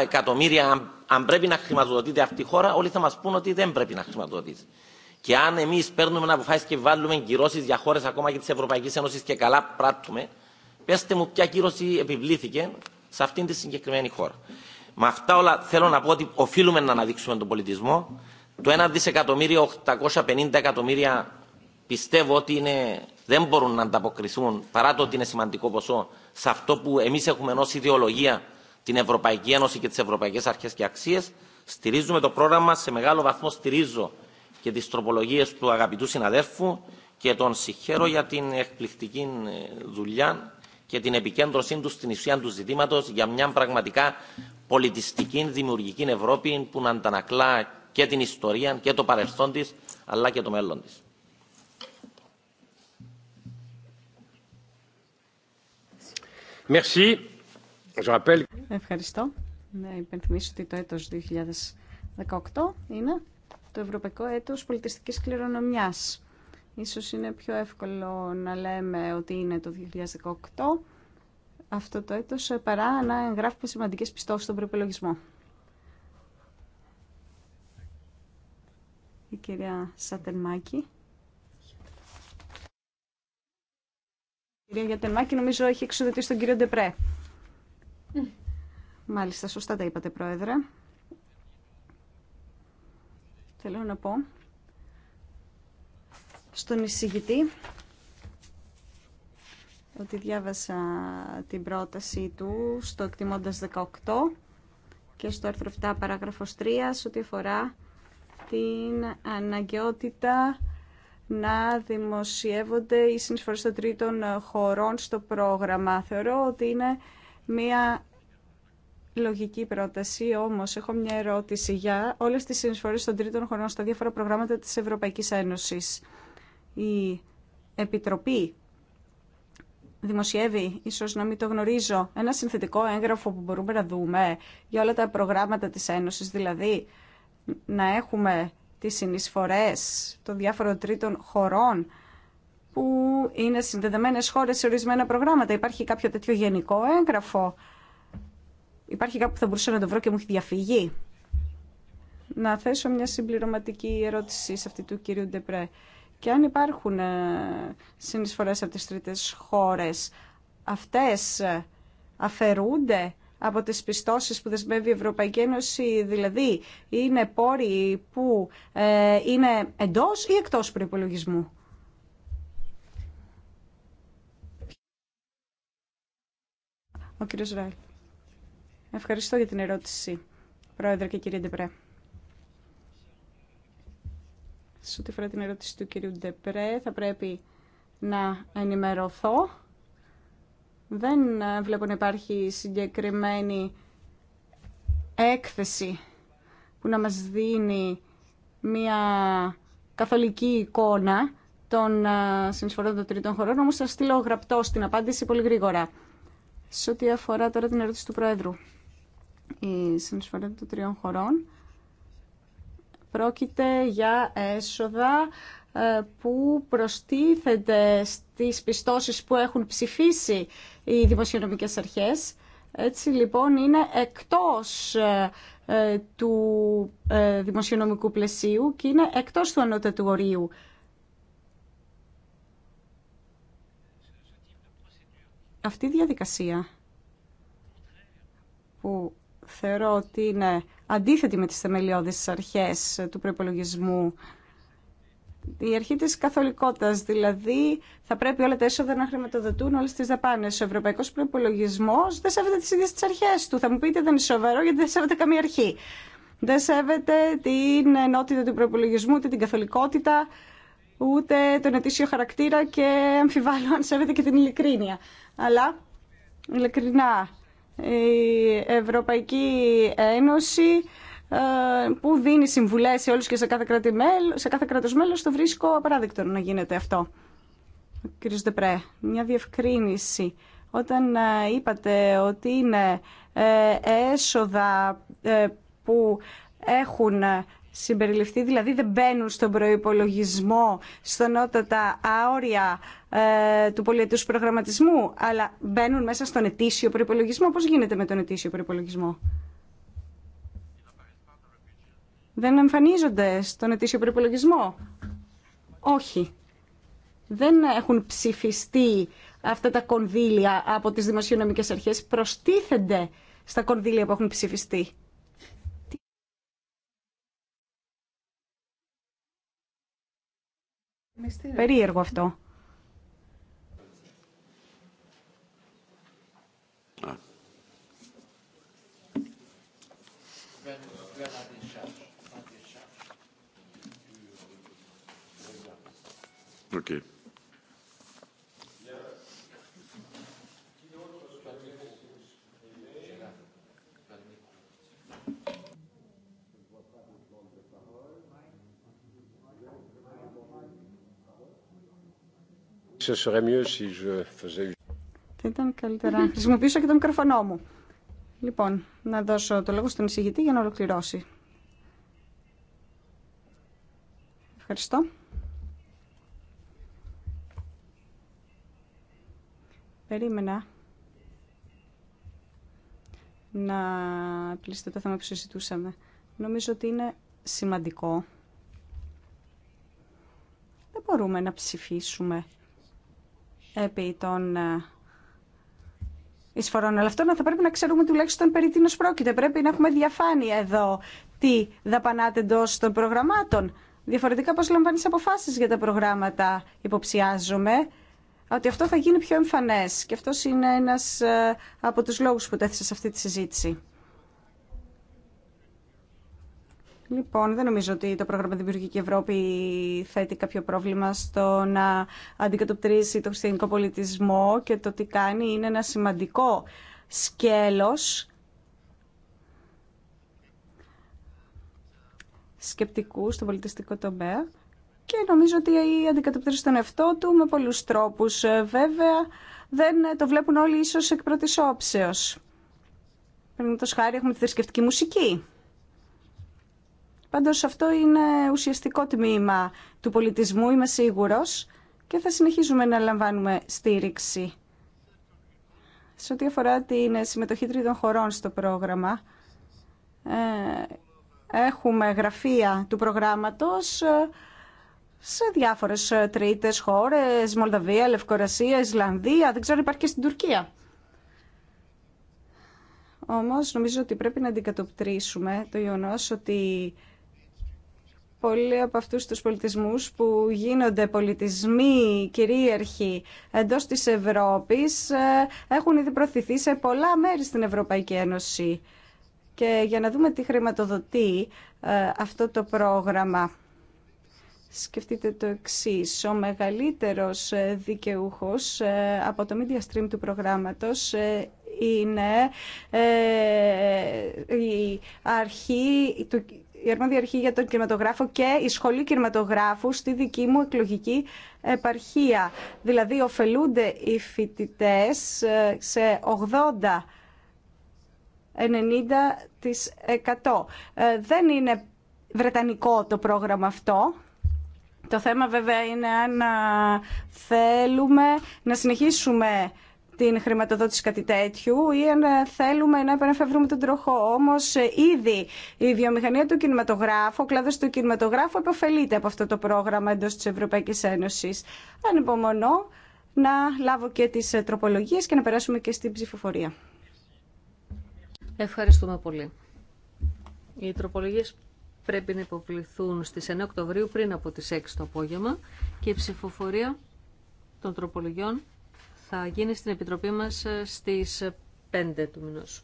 εκατομμύρια, αν πρέπει να χρηματοδοτείται αυτή η χώρα, όλοι θα μα πούν ότι δεν πρέπει να χρηματοδοτείται. Και αν εμεί παίρνουμε αποφάσει και βάλουμε κυρώσει για χώρε ακόμα και τη Ευρωπαϊκή Ένωση και καλά πράττουμε, πέστε μου ποια κύρωση επιβλήθηκε σε αυτήν τη συγκεκριμένη χώρα. Με αυτά όλα θέλω να πω ότι οφείλουμε να αναδείξουμε τον πολιτισμό. Το 1 δισεκατομμύριο 850 εκατομμύρια πιστεύω ότι είναι, δεν μπορούν να ανταποκριθούν, παρά το ότι είναι σημαντικό ποσό, σε αυτό που εμεί έχουμε ενώσει ιδεολογία, την Ευρωπαϊκή Ένωση και τι Ευρωπαϊκέ Αρχές και Αξίε. Στηρίζουμε το πρόγραμμα, σε μεγάλο βαθμό στηρίζω και τι τροπολογίε του αγαπητού συναδέλφου και τον συγχαίρω για την εκπληκτική ε, δουλειά και την επικέντρωσή του στην ουσία του ζητήματο για μια πραγματικά πολιτιστική, δημιουργική Ευρώπη που να αντανακλά και την ιστορία και το παρελθόν τη αλλά και το μέλλον της. Ευχαριστώ. Να υπενθυμίσω ότι το έτος 2018 είναι το Ευρωπαϊκό Έτος Πολιτιστικής Κληρονομιάς. Ίσως είναι πιο εύκολο να λέμε ότι είναι το 2018 αυτό το έτος παρά να εγγράφουμε σημαντικές πιστώσεις στον προπολογισμό. Η κυρία Σατερμάκη. κυρία Γιατεμάκη νομίζω έχει εξουδετήσει στον κύριο Ντεπρέ. Μάλιστα, σωστά τα είπατε, Πρόεδρε. Θέλω να πω στον εισηγητή ότι διάβασα την πρόταση του στο εκτιμώντας 18 και στο άρθρο 7 παράγραφος 3 σε ό,τι αφορά την αναγκαιότητα να δημοσιεύονται οι συνεισφορές των τρίτων χωρών στο πρόγραμμα. Θεωρώ ότι είναι μια λογική πρόταση, όμως έχω μια ερώτηση για όλες τις συνεισφορές των τρίτων χωρών στα διάφορα προγράμματα της Ευρωπαϊκής Ένωσης. Η Επιτροπή δημοσιεύει, ίσως να μην το γνωρίζω, ένα συνθετικό έγγραφο που μπορούμε να δούμε για όλα τα προγράμματα της Ένωσης, δηλαδή να έχουμε τις συνεισφορές των διάφορων τρίτων χωρών που είναι συνδεδεμένες χώρες σε ορισμένα προγράμματα. Υπάρχει κάποιο τέτοιο γενικό έγγραφο. Υπάρχει κάποιο που θα μπορούσα να το βρω και μου έχει διαφυγεί. Να θέσω μια συμπληρωματική ερώτηση σε αυτή του κυρίου Ντεπρέ. Και αν υπάρχουν ε, συνεισφορές από τις τρίτες χώρες, αυτές ε, αφαιρούνται από τις πιστώσεις που δεσμεύει η Ευρωπαϊκή Ένωση, δηλαδή είναι πόροι που ε, είναι εντός ή εκτός προϋπολογισμού. Ο κύριος Ράιλ. Ευχαριστώ για την ερώτηση, Πρόεδρε και κύριε Ντεπρέ. Σε ό,τι φορά την ερώτηση του κυρίου Ντεπρέ, θα πρέπει να ενημερωθώ δεν ε, βλέπω να υπάρχει συγκεκριμένη έκθεση που να μας δίνει μια καθολική εικόνα των ε, συνεισφορών των τρίτων χωρών, όμως θα στείλω γραπτό στην απάντηση πολύ γρήγορα. Σε ό,τι αφορά τώρα την ερώτηση του Πρόεδρου, η συνεισφορά των τριών χωρών πρόκειται για έσοδα ε, που προστίθεται στις πιστώσεις που έχουν ψηφίσει οι δημοσιονομικές αρχές. Έτσι λοιπόν είναι εκτός ε, ε, του δημοσιονομικού πλαισίου και είναι εκτός του ανώτατου ορίου. Αυτή η διαδικασία που θεωρώ ότι είναι αντίθετη με τις θεμελιώδεις αρχές του προϋπολογισμού η αρχή της καθολικότητας, δηλαδή θα πρέπει όλα τα έσοδα να χρηματοδοτούν όλες τις δαπάνες. Ο ευρωπαϊκός προπολογισμό δεν σέβεται τις ίδιες τις αρχές του. Θα μου πείτε δεν είναι σοβαρό γιατί δεν σέβεται καμία αρχή. Δεν σέβεται την ενότητα του προπολογισμού, ούτε την καθολικότητα, ούτε τον ετήσιο χαρακτήρα και αμφιβάλλω αν σέβεται και την ειλικρίνεια. Αλλά, ειλικρινά, η Ευρωπαϊκή Ένωση ε, που δίνει συμβουλές σε όλους και σε κάθε, κράτη σε κάθε το βρίσκω απαράδεκτο να γίνεται αυτό. Κύριε Δεπρέ, μια διευκρίνηση. Όταν ε, είπατε ότι είναι ε, έσοδα που έχουν συμπεριληφθεί, δηλαδή δεν μπαίνουν στον προϋπολογισμό, στον νότατα αόρια ε, του πολιτικού προγραμματισμού, αλλά μπαίνουν μέσα στον ετήσιο προϋπολογισμό. Πώς γίνεται με τον ετήσιο προϋπολογισμό δεν εμφανίζονται στον ετήσιο προπολογισμό. Όχι. Δεν έχουν ψηφιστεί αυτά τα κονδύλια από τις δημοσιονομικές αρχές. Προστίθενται στα κονδύλια που έχουν ψηφιστεί. Περίεργο αυτό. Okay. Θα ήταν καλύτερα να χρησιμοποιήσω και το μικροφωνό μου. Λοιπόν, να δώσω το λόγο στον εισηγητή για να ολοκληρώσει. Ευχαριστώ. Περίμενα να πλήσετε το θέμα που συζητούσαμε. Νομίζω ότι είναι σημαντικό. Δεν μπορούμε να ψηφίσουμε επί των ε, εισφορών. Αλλά αυτό θα πρέπει να ξέρουμε τουλάχιστον περί τίνος πρόκειται. Πρέπει να έχουμε διαφάνεια εδώ τι δαπανάτε εντό των προγραμμάτων. Διαφορετικά πώς λαμβάνεις αποφάσεις για τα προγράμματα υποψιάζομαι ότι αυτό θα γίνει πιο εμφανές και αυτός είναι ένας ε, από τους λόγους που τέθησα σε αυτή τη συζήτηση. Λοιπόν, δεν νομίζω ότι το πρόγραμμα Δημιουργική Ευρώπη θέτει κάποιο πρόβλημα στο να αντικατοπτρίσει το χριστιανικό πολιτισμό και το τι κάνει είναι ένα σημαντικό σκέλος σκεπτικού στον πολιτιστικό τομέα και νομίζω ότι αντικατοπτρίζει τον εαυτό του με πολλούς τρόπους. Ε, βέβαια, δεν ε, το βλέπουν όλοι ίσως εκ πρώτης όψεως. Πριν το σχάρι έχουμε τη θρησκευτική μουσική. Πάντως αυτό είναι ουσιαστικό τμήμα του πολιτισμού, είμαι σίγουρος, και θα συνεχίζουμε να λαμβάνουμε στήριξη. Σε ό,τι αφορά την συμμετοχή τρίτων χωρών στο πρόγραμμα, ε, έχουμε γραφεία του προγράμματος σε διάφορες ε, τρίτε χώρες, Μολδαβία, Λευκορασία, Ισλανδία, δεν ξέρω υπάρχει και στην Τουρκία. Όμω, νομίζω ότι πρέπει να αντικατοπτρίσουμε το γεγονό ότι πολλοί από αυτούς τους πολιτισμούς που γίνονται πολιτισμοί κυρίαρχοι εντός της Ευρώπης ε, έχουν ήδη προωθηθεί σε πολλά μέρη στην Ευρωπαϊκή Ένωση. Και για να δούμε τι χρηματοδοτεί ε, αυτό το πρόγραμμα Σκεφτείτε το εξή. Ο μεγαλύτερος δικαιούχο ε, από το media stream του προγράμματο ε, είναι ε, η αρχή του η αρμόδια αρχή για τον κινηματογράφο και η σχολή κινηματογράφου στη δική μου εκλογική επαρχία. Δηλαδή, ωφελούνται οι φοιτητέ σε 80 90%. Δεν είναι βρετανικό το πρόγραμμα αυτό. Το θέμα βέβαια είναι αν θέλουμε να συνεχίσουμε την χρηματοδότηση κάτι τέτοιου ή αν θέλουμε να επαναφεύρουμε τον τροχό. Όμω ε, ήδη η βιομηχανία του κινηματογράφου, ο κλάδο του κινηματογράφου, επωφελείται από αυτό το πρόγραμμα εντό τη Ευρωπαϊκή Ένωση. Ανυπομονώ να λάβω και τι ε, τροπολογίε και να περάσουμε και στην ψηφοφορία. Ευχαριστούμε πολύ. Οι τροπολογίες πρέπει να υποβληθούν στις 9 Οκτωβρίου πριν από τις 6 το απόγευμα και η ψηφοφορία των τροπολογιών θα γίνει στην Επιτροπή μας ε, στις 5 του μηνός.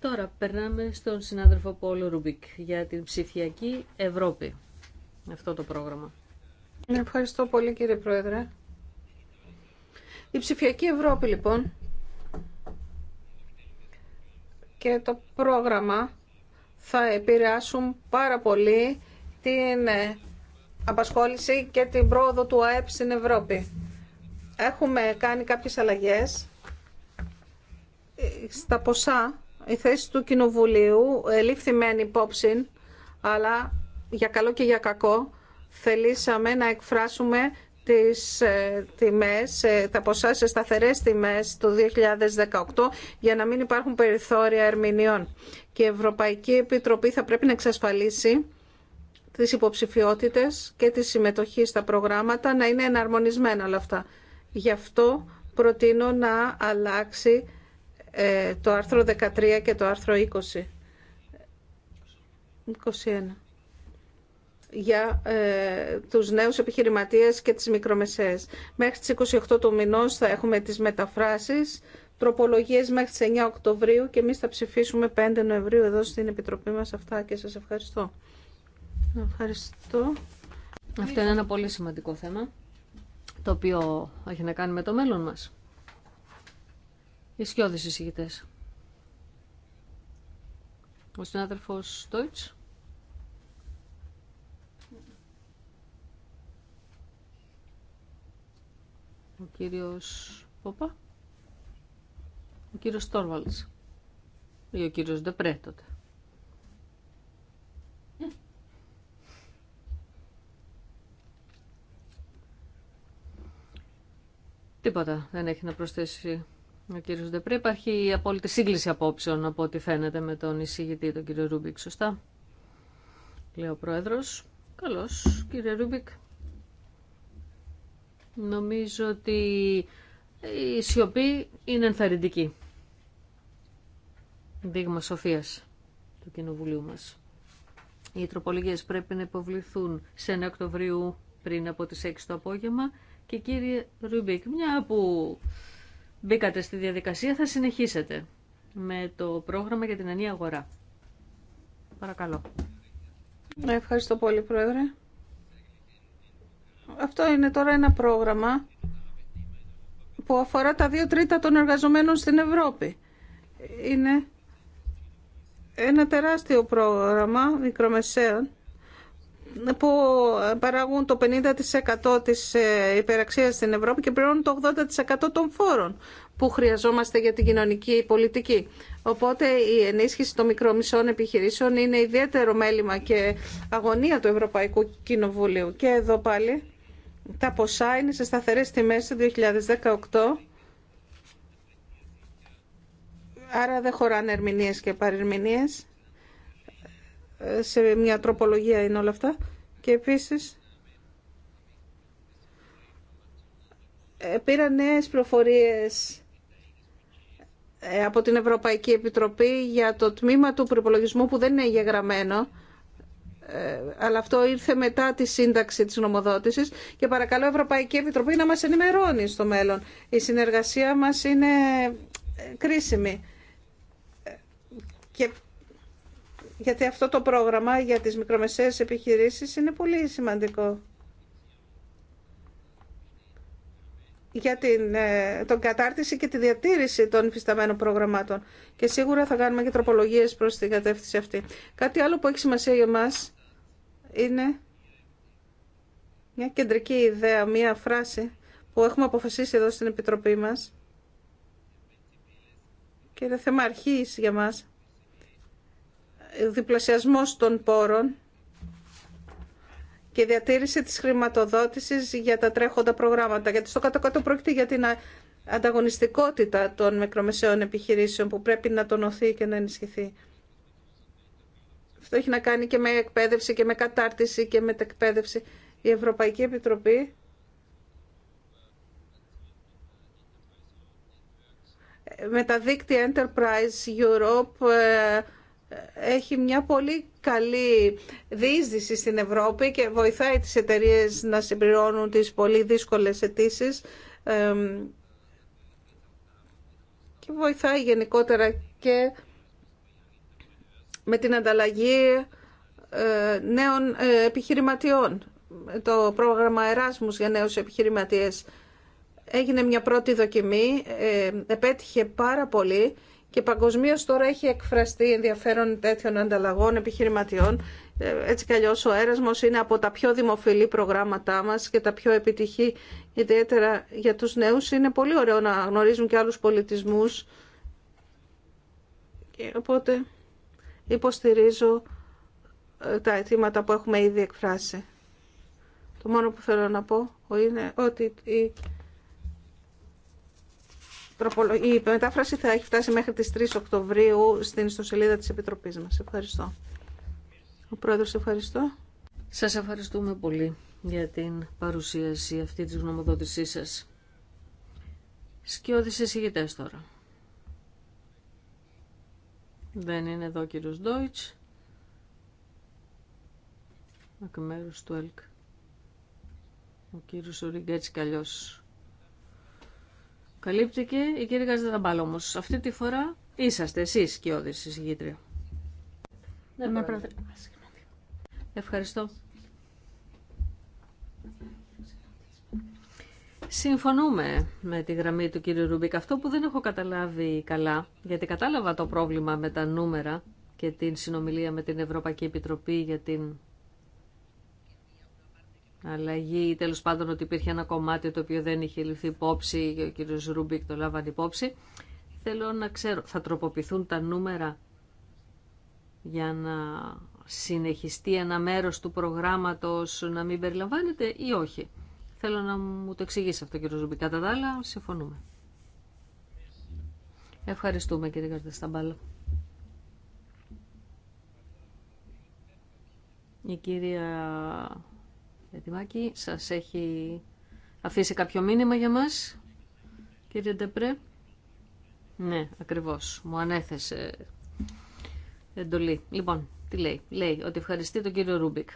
Τώρα περνάμε στον συνάδελφο Πόλο Ρουμπίκ για την ψηφιακή Ευρώπη. Αυτό το πρόγραμμα. Ευχαριστώ πολύ κύριε Πρόεδρε. Η ψηφιακή Ευρώπη λοιπόν και το πρόγραμμα θα επηρεάσουν πάρα πολύ την ε, απασχόληση και την πρόοδο του ΑΕΠ στην Ευρώπη. Έχουμε κάνει κάποιες αλλαγές ε, στα ποσά. Η θέση του Κοινοβουλίου ε, λήφθη μεν υπόψη, αλλά για καλό και για κακό θελήσαμε να εκφράσουμε τις ε, τιμές, ε, τα ποσά σε σταθερές τιμές του 2018 για να μην υπάρχουν περιθώρια ερμηνεών. Και η Ευρωπαϊκή Επιτροπή θα πρέπει να εξασφαλίσει τις υποψηφιότητες και τη συμμετοχή στα προγράμματα να είναι εναρμονισμένα όλα αυτά. Γι' αυτό προτείνω να αλλάξει ε, το άρθρο 13 και το άρθρο 20. 21 για ε, τους νέους επιχειρηματίες και τις μικρομεσαίες. Μέχρι τις 28 του μηνός θα έχουμε τις μεταφράσεις, τροπολογίες μέχρι τις 9 Οκτωβρίου και εμείς θα ψηφίσουμε 5 Νοεμβρίου εδώ στην Επιτροπή μας αυτά και σας ευχαριστώ. Ευχαριστώ. Αυτό είναι ένα πολύ σημαντικό θέμα, το οποίο έχει να κάνει με το μέλλον μας. Οι σκιώδεις εισηγητές. Ο συνάδελφος Deutsch. Ο κύριος Πόπα. Ο κύριος Τόρβαλτς. Ή ο κύριος Ντεπρέ τότε. Mm. Τίποτα δεν έχει να προσθέσει ο κύριος Ντεπρέ. Υπάρχει η απόλυτη τιποτα δεν απόψεων από ό,τι φαίνεται με τον εισηγητή, τον κύριο Ρούμπικ, σωστά. Λέω ο πρόεδρος. Καλώς, κύριε Ρούμπικ. Νομίζω ότι η σιωπή είναι ενθαρρυντική. Δείγμα σοφίας του Κοινοβουλίου μας. Οι τροπολογίες πρέπει να υποβληθούν σε 1 Οκτωβρίου πριν από τις 6 το απόγευμα. Και κύριε Ρουμπίκ, μια που μπήκατε στη διαδικασία θα συνεχίσετε με το πρόγραμμα για την ενία αγορά. Παρακαλώ. Ευχαριστώ πολύ, Πρόεδρε. Αυτό είναι τώρα ένα πρόγραμμα που αφορά τα δύο τρίτα των εργαζομένων στην Ευρώπη. Είναι ένα τεράστιο πρόγραμμα μικρομεσαίων που παράγουν το 50% της ε, υπεραξίας στην Ευρώπη και πληρώνουν το 80% των φόρων που χρειαζόμαστε για την κοινωνική πολιτική. Οπότε η ενίσχυση των μικρομισών επιχειρήσεων είναι ιδιαίτερο μέλημα και αγωνία του Ευρωπαϊκού Κοινοβουλίου. Και εδώ πάλι τα ποσά είναι σε σταθερές τιμές το 2018, άρα δεν χωράνε ερμηνείες και παρερμηνείες. Σε μια τροπολογία είναι όλα αυτά. Και επίσης ε, πήρα νέες προφορίες ε, από την Ευρωπαϊκή Επιτροπή για το τμήμα του προπολογισμού που δεν είναι εγγεγραμμένο ε, αλλά αυτό ήρθε μετά τη σύνταξη της νομοδότησης και παρακαλώ η Ευρωπαϊκή Επιτροπή να μας ενημερώνει στο μέλλον. Η συνεργασία μας είναι ε, κρίσιμη. Ε, και γιατί αυτό το πρόγραμμα για τις μικρομεσαίες επιχειρήσεις είναι πολύ σημαντικό. για την, τον κατάρτιση και τη διατήρηση των υφισταμένων προγραμμάτων. Και σίγουρα θα κάνουμε και τροπολογίες προς την κατεύθυνση αυτή. Κάτι άλλο που έχει σημασία για μας είναι μια κεντρική ιδέα, μια φράση που έχουμε αποφασίσει εδώ στην Επιτροπή μας και είναι θέμα αρχής για μας. Ο διπλασιασμός των πόρων και διατήρηση της χρηματοδότησης για τα τρέχοντα προγράμματα. Γιατί στο κάτω-κάτω πρόκειται για την ανταγωνιστικότητα των μικρομεσαίων επιχειρήσεων που πρέπει να τονωθεί και να ενισχυθεί. Αυτό έχει να κάνει και με εκπαίδευση και με κατάρτιση και με εκπαίδευση. Η Ευρωπαϊκή Επιτροπή με τα δίκτυα Enterprise Europe ε, έχει μια πολύ καλή διείσδυση στην Ευρώπη και βοηθάει τις εταιρείες να συμπληρώνουν τις πολύ δύσκολες αιτήσει ε, και βοηθάει γενικότερα και με την ανταλλαγή ε, νέων ε, επιχειρηματιών. Το πρόγραμμα Εράσμους για νέους επιχειρηματίες έγινε μια πρώτη δοκιμή, ε, επέτυχε πάρα πολύ και παγκοσμίω τώρα έχει εκφραστεί ενδιαφέρον τέτοιων ανταλλαγών επιχειρηματιών. Έτσι κι αλλιώς ο έρασμος είναι από τα πιο δημοφιλή προγράμματά μας και τα πιο επιτυχή, ιδιαίτερα για τους νέους. Είναι πολύ ωραίο να γνωρίζουν και άλλους πολιτισμούς. Και οπότε υποστηρίζω ε, τα αιτήματα που έχουμε ήδη εκφράσει. Το μόνο που θέλω να πω είναι ότι η, η μετάφραση θα έχει φτάσει μέχρι τις 3 Οκτωβρίου στην ιστοσελίδα της Επιτροπής μας. Ευχαριστώ. Ο Πρόεδρος, ευχαριστώ. Σας ευχαριστούμε πολύ για την παρουσίαση αυτή της γνωμοδότησής σας. Σκιώδης εισηγητές τώρα. Δεν είναι εδώ ο κύριος Ντόιτς. Εκ μέρους του ΕΛΚ. Ο κύριος Ουρίγκα έτσι κι αλλιώς. Καλύπτηκε η κύριε Γαζδαμπάλ όμως. Αυτή τη φορά είσαστε εσείς κοιόδης συζητήτρια. Ναι, Ευχαριστώ. Συμφωνούμε με τη γραμμή του κύριου Ρουμπίκ. Αυτό που δεν έχω καταλάβει καλά, γιατί κατάλαβα το πρόβλημα με τα νούμερα και την συνομιλία με την Ευρωπαϊκή Επιτροπή για την αλλαγή, τέλο πάντων ότι υπήρχε ένα κομμάτι το οποίο δεν είχε λυθεί υπόψη και ο κύριος Ρουμπίκ το λάβανε υπόψη. Θέλω να ξέρω, θα τροποποιηθούν τα νούμερα για να συνεχιστεί ένα μέρος του προγράμματος να μην περιλαμβάνεται ή όχι. Θέλω να μου το εξηγήσει αυτό κύριο Ρουμπίκ. Κατά τα άλλα, συμφωνούμε. Ευχαριστούμε κύριε Καρτεσταμπάλα. Η κυρία Ετοιμάκη σας έχει αφήσει κάποιο μήνυμα για μας, κύριε Ντεπρέ. Ναι, ακριβώς. Μου ανέθεσε εντολή. Λοιπόν, τι λέει. Λέει ότι ευχαριστεί τον κύριο Ρούμπικ.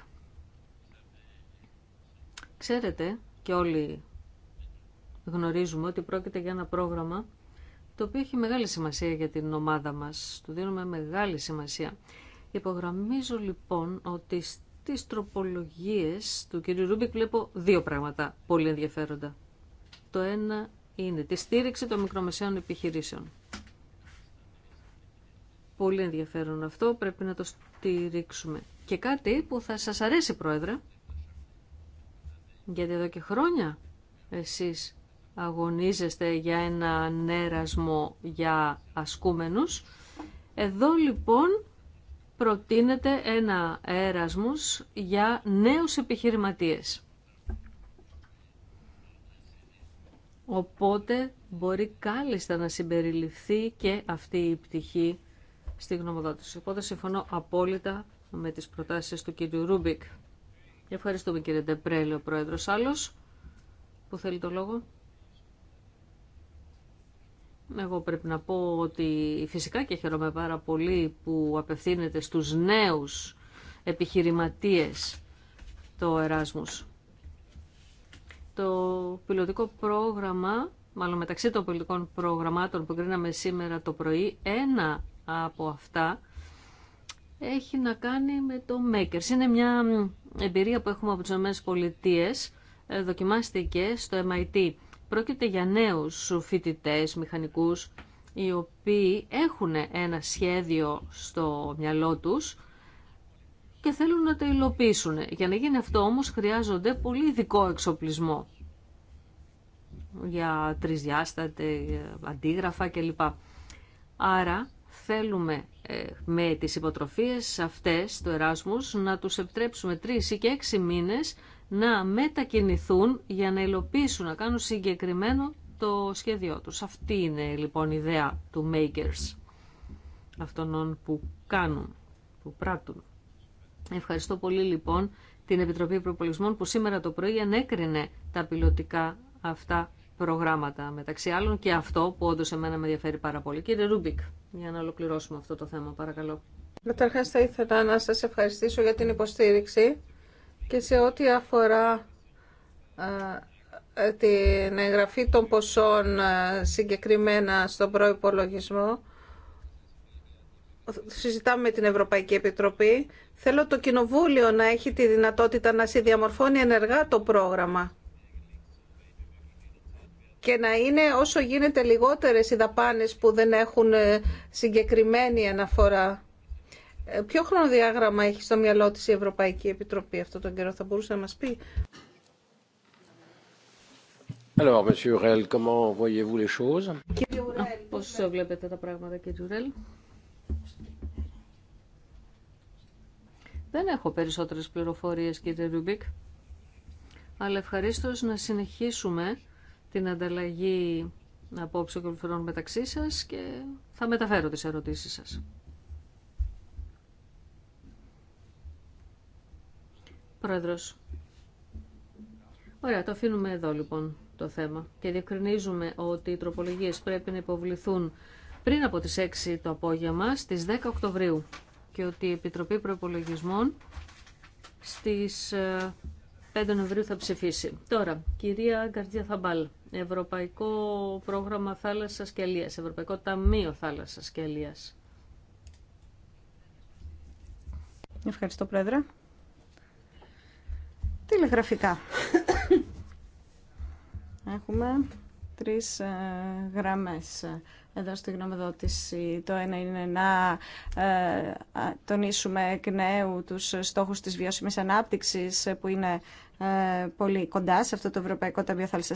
Ξέρετε και όλοι γνωρίζουμε ότι πρόκειται για ένα πρόγραμμα το οποίο έχει μεγάλη σημασία για την ομάδα μας. Του δίνουμε μεγάλη σημασία. Υπογραμμίζω λοιπόν ότι στις τροπολογίες του κ. Ρούμπικ βλέπω δύο πράγματα πολύ ενδιαφέροντα. Το ένα είναι τη στήριξη των μικρομεσαίων επιχειρήσεων. Πολύ ενδιαφέρον αυτό, πρέπει να το στηρίξουμε. Και κάτι που θα σας αρέσει, Πρόεδρε, γιατί εδώ και χρόνια εσείς αγωνίζεστε για ένα νέρασμο για ασκούμενους. Εδώ λοιπόν προτείνεται ένα έρασμος για νέους επιχειρηματίες. Οπότε μπορεί κάλλιστα να συμπεριληφθεί και αυτή η πτυχή στη γνωμοδότηση. Οπότε συμφωνώ απόλυτα με τις προτάσεις του κύριου Ρούμπικ. Ευχαριστούμε κύριε Ντεπρέλη, ο πρόεδρος άλλος που θέλει το λόγο. Εγώ πρέπει να πω ότι φυσικά και χαίρομαι πάρα πολύ που απευθύνεται στους νέους επιχειρηματίες το Εράσμους. Το πιλωτικό πρόγραμμα, μάλλον μεταξύ των πολιτικών προγραμμάτων που κρίναμε σήμερα το πρωί, ένα από αυτά έχει να κάνει με το Makers. Είναι μια εμπειρία που έχουμε από τις ΗΠΑ, ε, δοκιμάστηκε στο MIT. Πρόκειται για νέους φοιτητές, μηχανικούς, οι οποίοι έχουν ένα σχέδιο στο μυαλό τους και θέλουν να το υλοποιήσουν. Για να γίνει αυτό όμως χρειάζονται πολύ ειδικό εξοπλισμό για τρισδιάστατε, αντίγραφα κλπ. Άρα θέλουμε ε, με τις υποτροφίες αυτές του Εράσμους να τους επιτρέψουμε τρεις ή και έξι μήνες να μετακινηθούν για να υλοποιήσουν, να κάνουν συγκεκριμένο το σχέδιό τους. Αυτή είναι λοιπόν η ιδέα του makers, αυτών που κάνουν, που πράττουν. Ευχαριστώ πολύ λοιπόν την Επιτροπή Προπολισμών που σήμερα το πρωί ανέκρινε τα πιλωτικά αυτά προγράμματα. Μεταξύ άλλων και αυτό που όντως εμένα με ενδιαφέρει πάρα πολύ. Κύριε Ρούμπικ για να ολοκληρώσουμε αυτό το θέμα. Παρακαλώ. Καταρχά θα ήθελα να σας ευχαριστήσω για την υποστήριξη και σε ό,τι αφορά ε, την εγγραφή των ποσών ε, συγκεκριμένα στον προϋπολογισμό συζητάμε με την Ευρωπαϊκή Επιτροπή θέλω το Κοινοβούλιο να έχει τη δυνατότητα να συνδιαμορφώνει ενεργά το πρόγραμμα και να είναι όσο γίνεται λιγότερες οι δαπάνες που δεν έχουν ε, συγκεκριμένη αναφορά. Ε, ποιο χρονοδιάγραμμα έχει στο μυαλό της η Ευρωπαϊκή Επιτροπή αυτό τον καιρό, θα μπορούσε να μας πει. Alors, Monsieur ε, βλέπετε τα πράγματα, κύριε Ρέλ. Δεν έχω περισσότερες πληροφορίες, κύριε Ρουμπίκ, αλλά ευχαρίστως να συνεχίσουμε την ανταλλαγή απόψε κολουφερών μεταξύ σας και θα μεταφέρω τις ερωτήσεις σας. Πρόεδρος. Ωραία, το αφήνουμε εδώ λοιπόν το θέμα και διευκρινίζουμε ότι οι τροπολογίες πρέπει να υποβληθούν πριν από τις 6 το απόγευμα στις 10 Οκτωβρίου και ότι η Επιτροπή Προπολογισμών στις ε, 5 Νοεμβρίου θα ψηφίσει. Τώρα, κυρία Γκαρτζιά Θαμπάλ, Ευρωπαϊκό Πρόγραμμα Θάλασσας και Ευρωπαϊκό Ταμείο Θάλασσας και Αλίας. Ευχαριστώ, Πρόεδρε. Τηλεγραφικά. Έχουμε τρεις ε, γραμμές εδώ στη γνωμοδότηση. Το ένα είναι να ε, τονίσουμε εκ νέου τους στόχους της βιώσιμης ανάπτυξης που είναι ε, πολύ κοντά σε αυτό το Ευρωπαϊκό Ταμείο Θάλασσα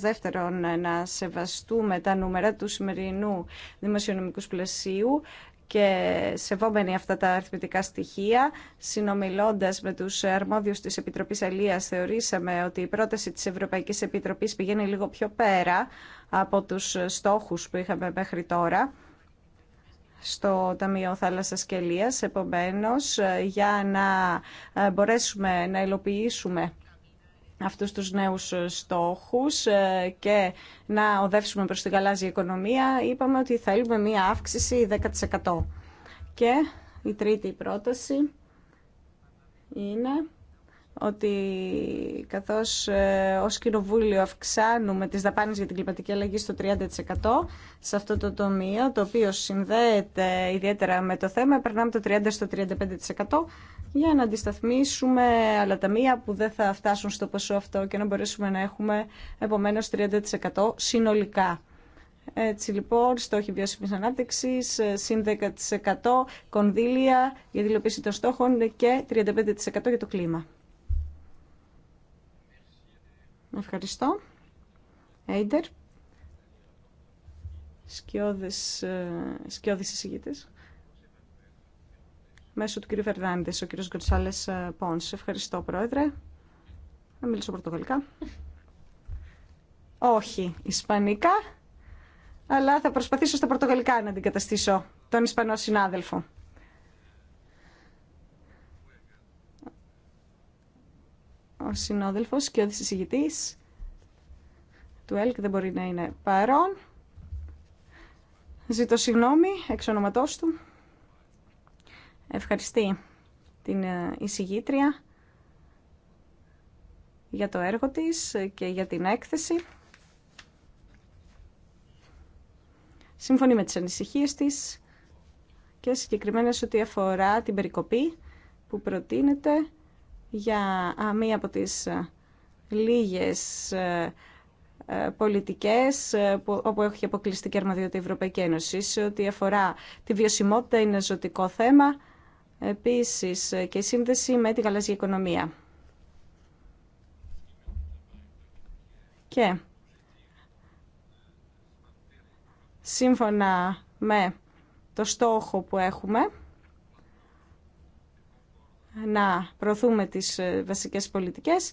Δεύτερον, να σεβαστούμε τα νούμερα του σημερινού δημοσιονομικού πλαισίου και σεβόμενοι αυτά τα αριθμητικά στοιχεία, συνομιλώντας με τους αρμόδιους της Επιτροπής Αλίας, θεωρήσαμε ότι η πρόταση της Ευρωπαϊκής Επιτροπής πηγαίνει λίγο πιο πέρα από τους στόχους που είχαμε μέχρι τώρα στο Ταμείο Θάλασσας και Ελίας. Επομένως, ε, για να ε, μπορέσουμε να υλοποιήσουμε αυτούς τους νέους ε, στόχους και να οδεύσουμε προς την γαλάζια οικονομία, είπαμε ότι θέλουμε μία αύξηση 10%. Και η τρίτη πρόταση είναι ότι καθώς ε, ως κοινοβούλιο αυξάνουμε τις δαπάνες για την κλιματική αλλαγή στο 30% σε αυτό το τομείο, το οποίο συνδέεται ιδιαίτερα με το θέμα, περνάμε το 30% στο 35% για να αντισταθμίσουμε άλλα ταμεία που δεν θα φτάσουν στο ποσό αυτό και να μπορέσουμε να έχουμε επομένως 30% συνολικά. Έτσι λοιπόν, στόχοι βιώσιμη ανάπτυξη, ε, συν 10% κονδύλια για τη υλοποίηση των στόχων και 35% για το κλίμα. Ευχαριστώ. Έιντερ. Σκιώδης, ε, σκιώδης εισηγήτης. Μέσω του κύριου Βερδάντης, ο κ. Γκοτσάλες ε, Πόνς. Ευχαριστώ, Πρόεδρε. Να μιλήσω πορτογαλικά. Όχι, ισπανικά. Αλλά θα προσπαθήσω στα πορτογαλικά να αντικαταστήσω τον Ισπανό συνάδελφο. Ο συνόδελφος και ο δισηγητής του ΕΛΚ δεν μπορεί να είναι παρόν. Ζητώ συγγνώμη εξ ονοματός του. Ευχαριστεί την ε, εισηγήτρια για το έργο της και για την έκθεση. Συμφωνεί με τις ανησυχίες της και συγκεκριμένα σε ό,τι αφορά την περικοπή που προτείνεται για μία από τις λίγες πολιτικές που, όπου έχει αποκλειστεί και αρμοδιότητα η Ευρωπαϊκή Ένωση σε ό,τι αφορά τη βιωσιμότητα είναι ζωτικό θέμα επίσης και η σύνδεση με τη γαλάζια οικονομία. Και σύμφωνα με το στόχο που έχουμε να προωθούμε τις ε, βασικές πολιτικές.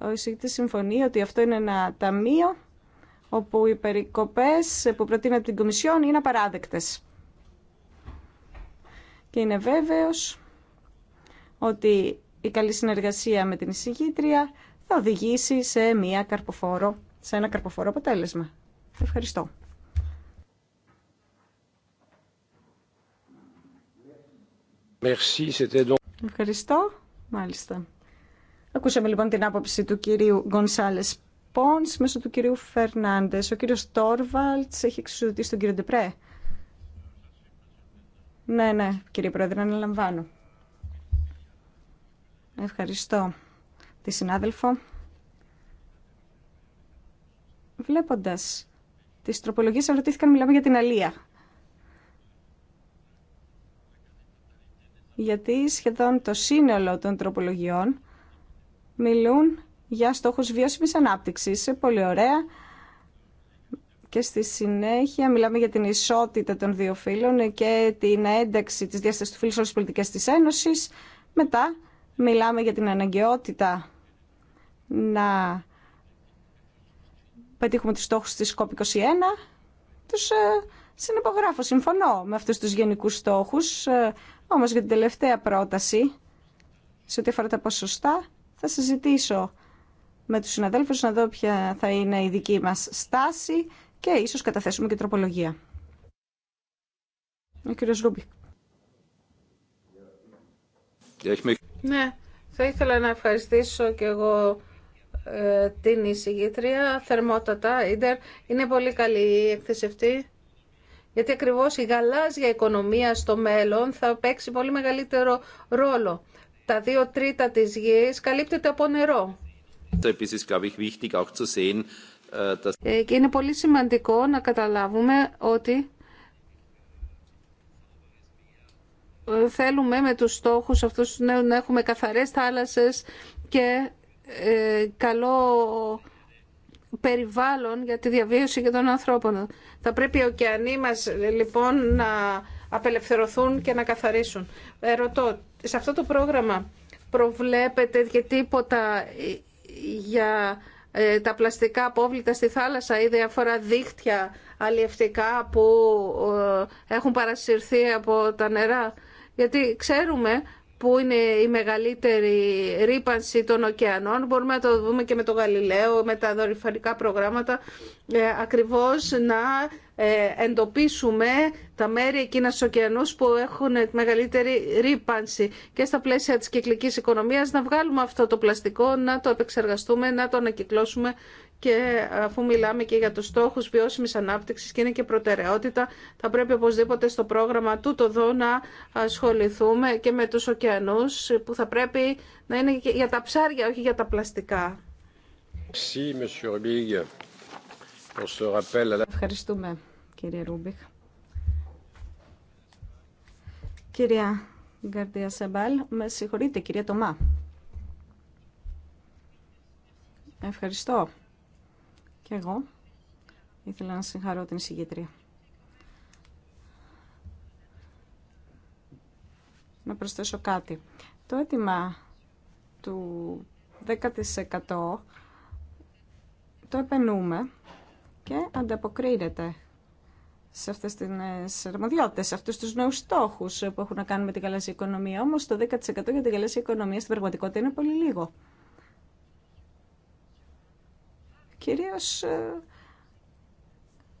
Ο εισηγητής συμφωνεί ότι αυτό είναι ένα ταμείο όπου οι περικοπές που προτείνει από την Κομισιόν είναι απαράδεκτες. Και είναι βέβαιος ότι η καλή συνεργασία με την εισηγήτρια θα οδηγήσει σε, μια καρποφόρο, σε ένα καρποφόρο αποτέλεσμα. Ευχαριστώ. Ευχαριστώ. Μάλιστα. Ακούσαμε λοιπόν την άποψη του κυρίου Γκονσάλε Πόνς μέσω του κυρίου Φερνάντε. Ο κύριο Τόρβαλτ έχει εξουσιοδοτήσει τον κύριο Ντεπρέ. Ναι, ναι, κύριε Πρόεδρε, αναλαμβάνω. Ευχαριστώ τη συνάδελφο. Βλέποντας τις τροπολογίες, αν μιλάμε για την αλία. γιατί σχεδόν το σύνολο των τροπολογιών μιλούν για στόχους βιώσιμης ανάπτυξης. Πολύ ωραία. Και στη συνέχεια μιλάμε για την ισότητα των δύο φύλων και την ένταξη της διάστασης του φύλου στις πολιτικές της Ένωσης. Μετά μιλάμε για την αναγκαιότητα να πετύχουμε τους στόχους της COP21. Τους ε, συνεπογράφω, συμφωνώ με αυτούς τους γενικούς στόχους ε, όμως για την τελευταία πρόταση, σε ό,τι αφορά τα ποσοστά, θα συζητήσω με τους συναδέλφους να δω ποια θα είναι η δική μας στάση και ίσως καταθέσουμε και τροπολογία. κύριος Ναι, θα ήθελα να ευχαριστήσω και εγώ ε, την εισηγήτρια θερμότατα. Ίντερ, είναι πολύ καλή η εκθεσευτή. Γιατί ακριβώ η γαλάζια οικονομία στο μέλλον θα παίξει πολύ μεγαλύτερο ρόλο. Τα δύο τρίτα τη γης καλύπτεται από νερό. Ε, ε, είναι πολύ σημαντικό να καταλάβουμε ότι ε, θέλουμε με τους στόχους αυτούς να έχουμε καθαρές θάλασσες και καλό περιβάλλον για τη διαβίωση και των ανθρώπων. Θα πρέπει οι ωκεανοί μας λοιπόν να απελευθερωθούν και να καθαρίσουν. Ερωτώ, σε αυτό το πρόγραμμα προβλέπετε και τίποτα για ε, τα πλαστικά απόβλητα στη θάλασσα ή διάφορα δίχτυα αλλιευτικά που ε, έχουν παρασυρθεί από τα νερά. Γιατί ξέρουμε που είναι η μεγαλύτερη ρήπανση των ωκεανών. Μπορούμε να το δούμε και με το Γαλιλαίο, με τα δορυφανικά προγράμματα, ε, ακριβώς να ε, εντοπίσουμε τα μέρη εκείνα στους ωκεανούς που έχουν μεγαλύτερη ρήπανση και στα πλαίσια της κυκλικής οικονομίας να βγάλουμε αυτό το πλαστικό, να το επεξεργαστούμε, να το ανακυκλώσουμε και ε, αφού μιλάμε και για τους στόχους βιώσιμης ανάπτυξης και είναι και προτεραιότητα, θα πρέπει οπωσδήποτε στο πρόγραμμα του το δω να ασχοληθούμε και με τους ωκεανούς που θα πρέπει να είναι και για τα ψάρια, όχι για τα πλαστικά. Ευχαριστούμε κύριε Ρούμπιχ. Κυρία Γκαρδία Σεμπάλ, με συγχωρείτε κυρία Τομά. Ευχαριστώ. Και εγώ ήθελα να συγχαρώ την συγκεντρία. Να προσθέσω κάτι. Το αίτημα του 10% το επενούμε και ανταποκρίνεται σε αυτές τις αρμοδιότητες, σε αυτούς τους νέους στόχους που έχουν να κάνουν με την καλαζή οικονομία. Όμως το 10% για την καλαζή οικονομία στην πραγματικότητα είναι πολύ λίγο. Κυρίως ε,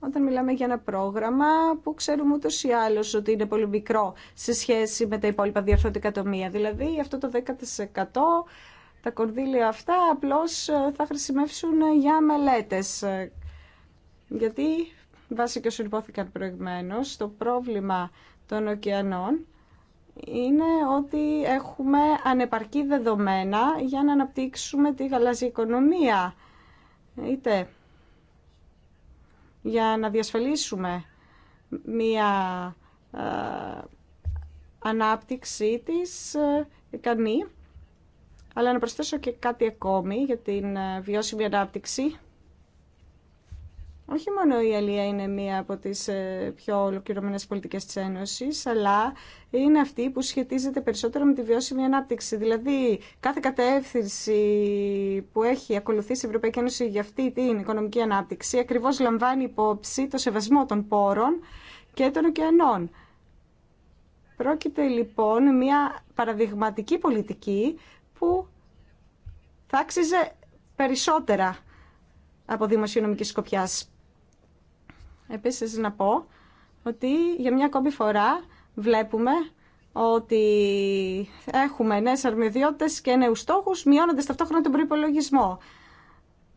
όταν μιλάμε για ένα πρόγραμμα που ξέρουμε ούτω ή άλλω ότι είναι πολύ μικρό σε σχέση με τα υπόλοιπα διαφορετικά τομεία. Δηλαδή αυτό το 10% τα κονδύλια αυτά απλώς ε, θα χρησιμεύσουν για μελέτες. Γιατί βάσει και όσων υπόθηκαν προηγουμένως, το πρόβλημα των ωκεανών είναι ότι έχουμε ανεπαρκή δεδομένα για να αναπτύξουμε τη γαλάζια οικονομία είτε για να διασφαλίσουμε μία ε, ανάπτυξή της ε, ικανή, αλλά να προσθέσω και κάτι ακόμη για την ε, βιώσιμη ανάπτυξη όχι μόνο η Αλία είναι μία από τις ε, πιο ολοκληρωμένες πολιτικές της Ένωσης, αλλά είναι αυτή που σχετίζεται περισσότερο με τη βιώσιμη ανάπτυξη. Δηλαδή, κάθε κατεύθυνση που έχει ακολουθήσει η Ευρωπαϊκή Ένωση για αυτή την οικονομική ανάπτυξη, ακριβώς λαμβάνει υπόψη το σεβασμό των πόρων και των ωκεανών. Πρόκειται λοιπόν μια παραδειγματική πολιτική που θα άξιζε περισσότερα από δημοσιονομική σκοπιάς επίσης να πω ότι για μια ακόμη φορά βλέπουμε ότι έχουμε νέες αρμιδιότητες και νέους στόχους, μειώνοντας ταυτόχρονα τον προϋπολογισμό.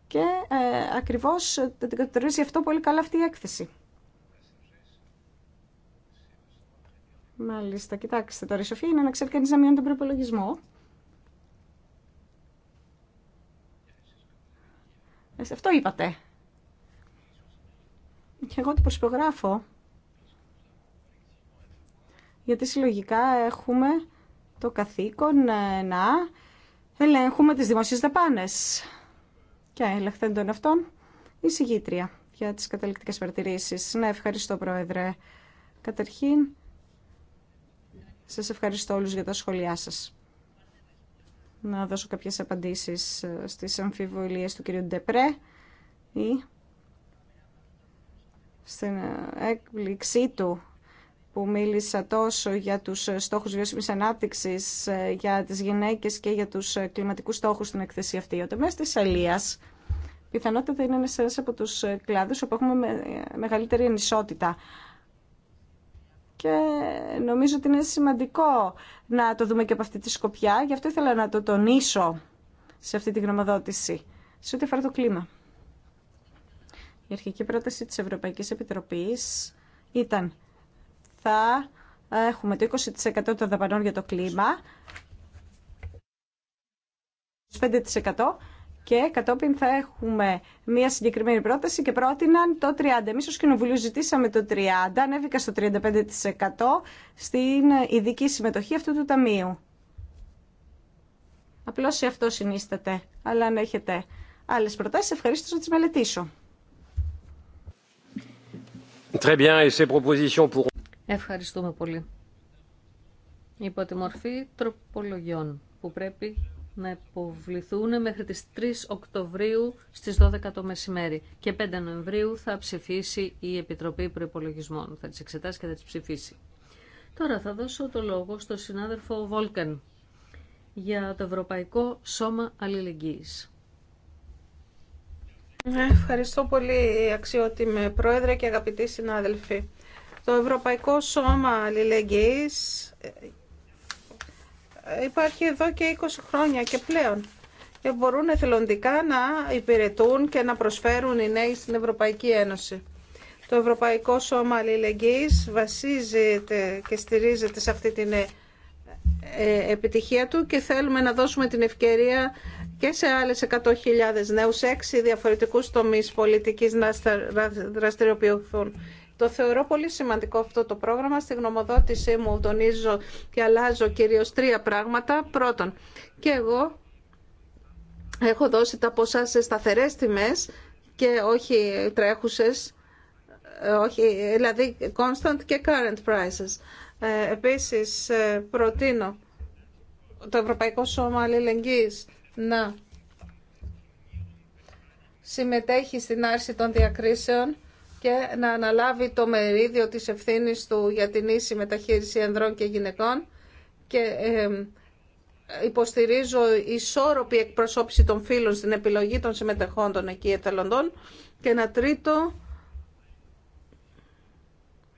Και ε, ακριβώς την κατηγορήσει αυτό πολύ καλά αυτή η έκθεση. Μάλιστα, κοιτάξτε τώρα η Σοφία είναι να ξέρει κανείς να μειώνει τον προϋπολογισμό. Ε, αυτό είπατε. Και εγώ το προσπεγράφω. Γιατί συλλογικά έχουμε το καθήκον ε, να ελέγχουμε τις δημοσίες δαπάνες. Και ελεγχθέν αυτών η συγγήτρια για τις καταληκτικές παρατηρήσεις. Ναι, ευχαριστώ Πρόεδρε. Καταρχήν, σας ευχαριστώ όλους για τα σχόλιά σας. Να δώσω κάποιες απαντήσεις ε, στις αμφιβολίες του κ. Ντεπρέ ή στην έκπληξή του που μίλησα τόσο για τους στόχους βιώσιμης ανάπτυξης, για τις γυναίκες και για τους κλιματικούς στόχους στην εκθεσία αυτή. Ο τομέας της αλίας πιθανότατα είναι ένα από τους κλάδους όπου έχουμε μεγαλύτερη ανισότητα. Και νομίζω ότι είναι σημαντικό να το δούμε και από αυτή τη σκοπιά. Γι' αυτό ήθελα να το τονίσω σε αυτή τη γνωμοδότηση, σε ό,τι αφορά το κλίμα. Η αρχική πρόταση της Ευρωπαϊκής Επιτροπής ήταν θα έχουμε το 20% των δαπανών για το κλίμα, 5% και κατόπιν θα έχουμε μία συγκεκριμένη πρόταση και πρότειναν το 30%. Εμείς ως κοινοβουλίου ζητήσαμε το 30%, ανέβηκα στο 35% στην ειδική συμμετοχή αυτού του Ταμείου. Απλώς σε αυτό συνίσταται, αλλά αν έχετε άλλες προτάσεις ευχαρίστως να τις μελετήσω. Ευχαριστούμε πολύ. Υπό τη μορφή τροπολογιών που πρέπει να υποβληθούν μέχρι τις 3 Οκτωβρίου στις 12 το μεσημέρι και 5 Νοεμβρίου θα ψηφίσει η Επιτροπή Προϋπολογισμών. Θα τις εξετάσει και θα τις ψηφίσει. Τώρα θα δώσω το λόγο στο συνάδελφο Βόλκεν για το Ευρωπαϊκό Σώμα Αλληλεγγύης. Ναι, ευχαριστώ πολύ αξιότιμε Πρόεδρε και αγαπητοί συνάδελφοι. Το Ευρωπαϊκό Σώμα Αλληλεγγύης ε, υπάρχει εδώ και 20 χρόνια και πλέον και μπορούν εθελοντικά να υπηρετούν και να προσφέρουν οι νέοι στην Ευρωπαϊκή Ένωση. Το Ευρωπαϊκό Σώμα Αλληλεγγύης βασίζεται και στηρίζεται σε αυτή την ε, ε, επιτυχία του και θέλουμε να δώσουμε την ευκαιρία και σε άλλε 100.000 νέου σε έξι διαφορετικού τομεί πολιτική να δραστηριοποιηθούν. Το θεωρώ πολύ σημαντικό αυτό το πρόγραμμα. Στη γνωμοδότησή μου τονίζω και αλλάζω κυρίω τρία πράγματα. Πρώτον, και εγώ έχω δώσει τα ποσά σε σταθερέ τιμέ και όχι τρέχουσε, ε, όχι, δηλαδή constant και current prices. Ε, επίσης, ε, προτείνω το Ευρωπαϊκό Σώμα Αλληλεγγύης να συμμετέχει στην άρση των διακρίσεων και να αναλάβει το μερίδιο της ευθύνης του για την ίση μεταχείριση ανδρών και γυναικών και υποστηρίζω ισόρροπη εκπροσώπηση των φίλων στην επιλογή των συμμετεχόντων εκεί εθελοντών και ένα τρίτο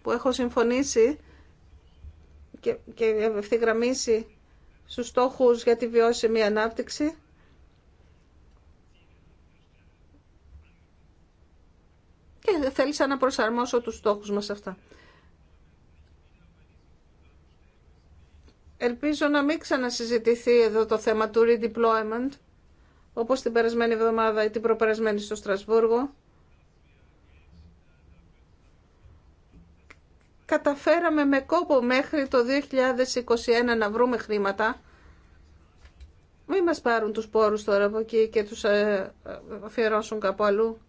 που έχω συμφωνήσει και, και ευθυγραμμίσει στους στόχους για τη βιώσιμη ανάπτυξη θέλεις θέλησα να προσαρμόσω τους στόχους μας αυτά. Ελπίζω να μην ξανασυζητηθεί εδώ το θέμα του redeployment, όπως την περασμένη εβδομάδα ή την προπερασμένη στο Στρασβούργο. Καταφέραμε με κόπο μέχρι το 2021 να βρούμε χρήματα. Μην μας πάρουν τους πόρους τώρα από εκεί και τους ε, αφιερώσουν κάπου αλλού.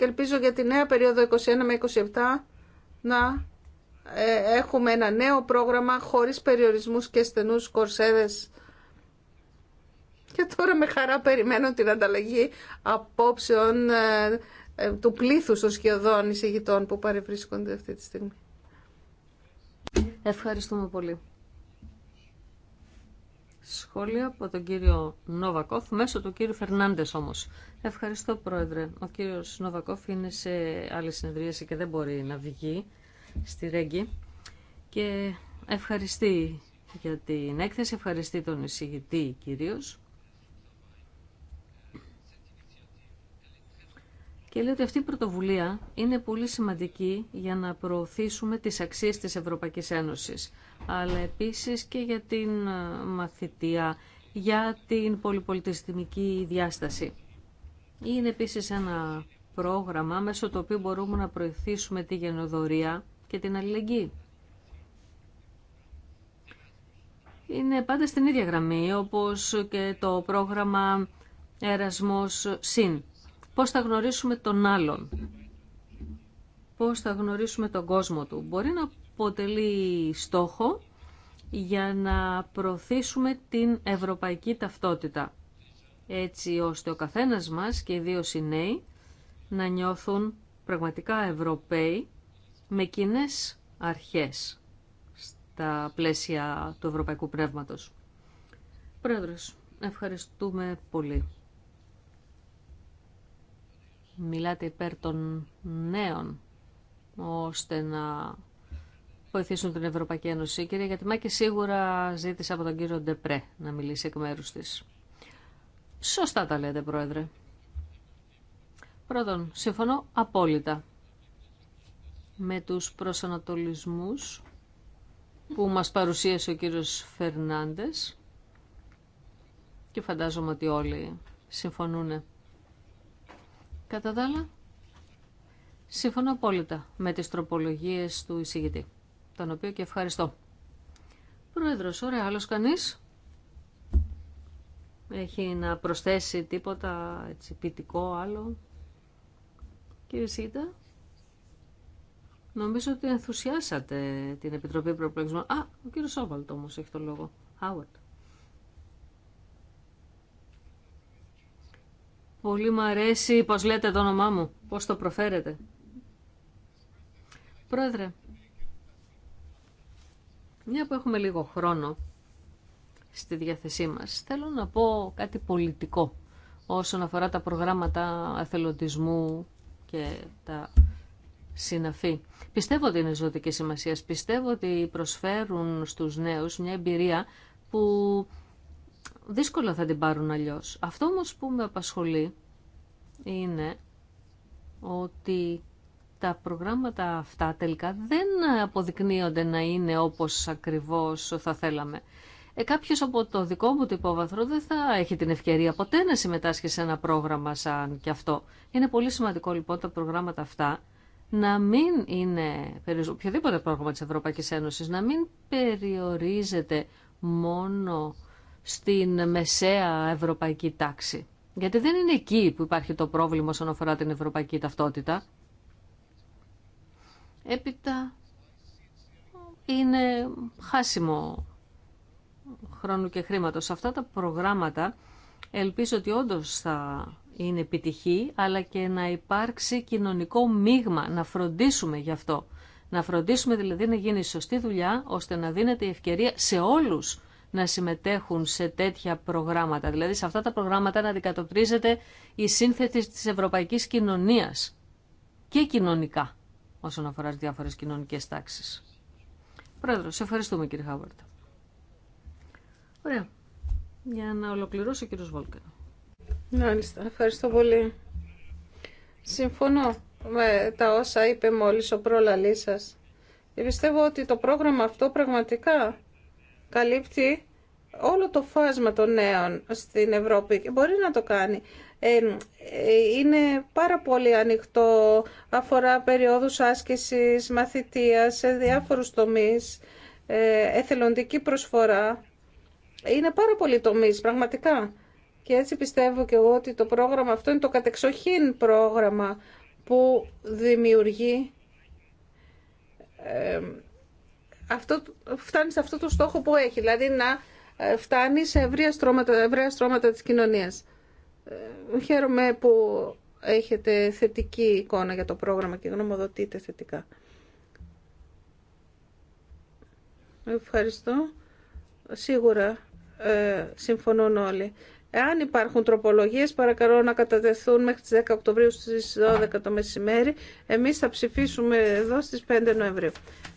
και ελπίζω για τη νέα περίοδο 21 με 27 να ε, έχουμε ένα νέο πρόγραμμα χωρίς περιορισμούς και στενούς κορσέδες. Και τώρα με χαρά περιμένω την ανταλλαγή απόψεων ε, ε, του πλήθους των σχεδόν εισηγητών που παρευρίσκονται αυτή τη στιγμή. Ευχαριστούμε πολύ. Σχόλια από τον κύριο Νόβακοφ, μέσω του κύριου Φερνάντε όμω. Ευχαριστώ, Πρόεδρε. Ο κύριο Νόβακοφ είναι σε άλλη συνεδρίαση και δεν μπορεί να βγει στη Ρέγγι. Και ευχαριστεί για την έκθεση, ευχαριστεί τον εισηγητή κυρίω και λέει ότι αυτή η πρωτοβουλία είναι πολύ σημαντική για να προωθήσουμε τις αξίες της Ευρωπαϊκής Ένωσης, αλλά επίσης και για την ε, μαθητεία, για την πολυπολιτισμική διάσταση. Είναι επίσης ένα πρόγραμμα μέσω το οποίο μπορούμε να προωθήσουμε τη γενοδορία και την αλληλεγγύη. Είναι πάντα στην ίδια γραμμή, όπως και το πρόγραμμα Erasmus ΣΥΝ. Πώς θα γνωρίσουμε τον άλλον. Πώς θα γνωρίσουμε τον κόσμο του. Μπορεί να αποτελεί στόχο για να προωθήσουμε την ευρωπαϊκή ταυτότητα. Έτσι ώστε ο καθένας μας και οι δύο νέοι να νιώθουν πραγματικά Ευρωπαίοι με κοινέ αρχές στα πλαίσια του ευρωπαϊκού πνεύματος. Πρόεδρος, ευχαριστούμε πολύ μιλάτε υπέρ των νέων ώστε να βοηθήσουν την Ευρωπαϊκή Ένωση. κύριε, κυρία σίγουρα ζήτησε από τον κύριο Ντεπρέ να μιλήσει εκ μέρου τη. Σωστά τα λέτε, Πρόεδρε. Πρώτον, συμφωνώ απόλυτα με τους προσανατολισμούς που μας παρουσίασε ο κύριος Φερνάντες και φαντάζομαι ότι όλοι συμφωνούν Κατά τα άλλα, συμφωνώ απόλυτα με τις τροπολογίες του εισηγητή, τον οποίο και ευχαριστώ. Πρόεδρος, ωραία, άλλος κανείς. Έχει να προσθέσει τίποτα έτσι, ποιητικό άλλο. Κύριε Σίτα, νομίζω ότι ενθουσιάσατε την Επιτροπή Προπολογισμών. Α, ο κύριος Σόβαλτό όμως έχει το λόγο. Πολύ μου αρέσει πώς λέτε το όνομά μου, πώς το προφέρετε. Πρόεδρε, μια που έχουμε λίγο χρόνο στη διάθεσή μας, θέλω να πω κάτι πολιτικό όσον αφορά τα προγράμματα αθελοντισμού και τα συναφή. Πιστεύω ότι είναι ζωτική σημασία. Πιστεύω ότι προσφέρουν στους νέους μια εμπειρία που δύσκολα θα την πάρουν αλλιώς. Αυτό όμως που με απασχολεί είναι ότι τα προγράμματα αυτά τελικά δεν αποδεικνύονται να είναι όπως ακριβώς θα θέλαμε. Ε, Κάποιο από το δικό μου το υπόβαθρο δεν θα έχει την ευκαιρία ποτέ να συμμετάσχει σε ένα πρόγραμμα σαν κι αυτό. Είναι πολύ σημαντικό λοιπόν τα προγράμματα αυτά να μην είναι, οποιοδήποτε πρόγραμμα της Ευρωπαϊκής Ένωσης, να μην περιορίζεται μόνο στην μεσαία ευρωπαϊκή τάξη. Γιατί δεν είναι εκεί που υπάρχει το πρόβλημα όσον αφορά την ευρωπαϊκή ταυτότητα. Έπειτα είναι χάσιμο χρόνου και χρήματος. Αυτά τα προγράμματα ελπίζω ότι όντως θα είναι επιτυχή, αλλά και να υπάρξει κοινωνικό μείγμα, να φροντίσουμε γι' αυτό. Να φροντίσουμε δηλαδή να γίνει σωστή δουλειά, ώστε να δίνεται η ευκαιρία σε όλους να συμμετέχουν σε τέτοια προγράμματα. Δηλαδή σε αυτά τα προγράμματα να αντικατοπτρίζεται η σύνθεση της ευρωπαϊκής κοινωνίας και κοινωνικά όσον αφορά τις διάφορες κοινωνικές τάξεις. Πρόεδρο, σε ευχαριστούμε κύριε Χάουαρτ. Ωραία. Για να ολοκληρώσει ο κύριος Βόλκερ. Μάλιστα, ευχαριστώ πολύ. Συμφωνώ με τα όσα είπε μόλις ο πρόλαλής σας. Επιστεύω πιστεύω ότι το πρόγραμμα αυτό πραγματικά καλύπτει όλο το φάσμα των νέων στην Ευρώπη και μπορεί να το κάνει. Ε, είναι πάρα πολύ ανοιχτό, αφορά περιόδους άσκησης, μαθητείας σε διάφορους τομείς, ε, εθελοντική προσφορά. Είναι πάρα πολύ τομείς, πραγματικά. Και έτσι πιστεύω και εγώ ότι το πρόγραμμα αυτό είναι το κατεξοχήν πρόγραμμα που δημιουργεί ε, αυτό, φτάνει σε αυτό το στόχο που έχει, δηλαδή να ε, φτάνει σε ευρεία στρώματα, ευρεία στρώματα της κοινωνίας. Ε, χαίρομαι που έχετε θετική εικόνα για το πρόγραμμα και γνωμοδοτείτε θετικά. Ευχαριστώ. Σίγουρα ε, συμφωνούν όλοι. Εάν υπάρχουν τροπολογίες, παρακαλώ να κατατεθούν μέχρι τις 10 Οκτωβρίου στις 12 το μεσημέρι. Εμείς θα ψηφίσουμε εδώ στις 5 Νοεμβρίου.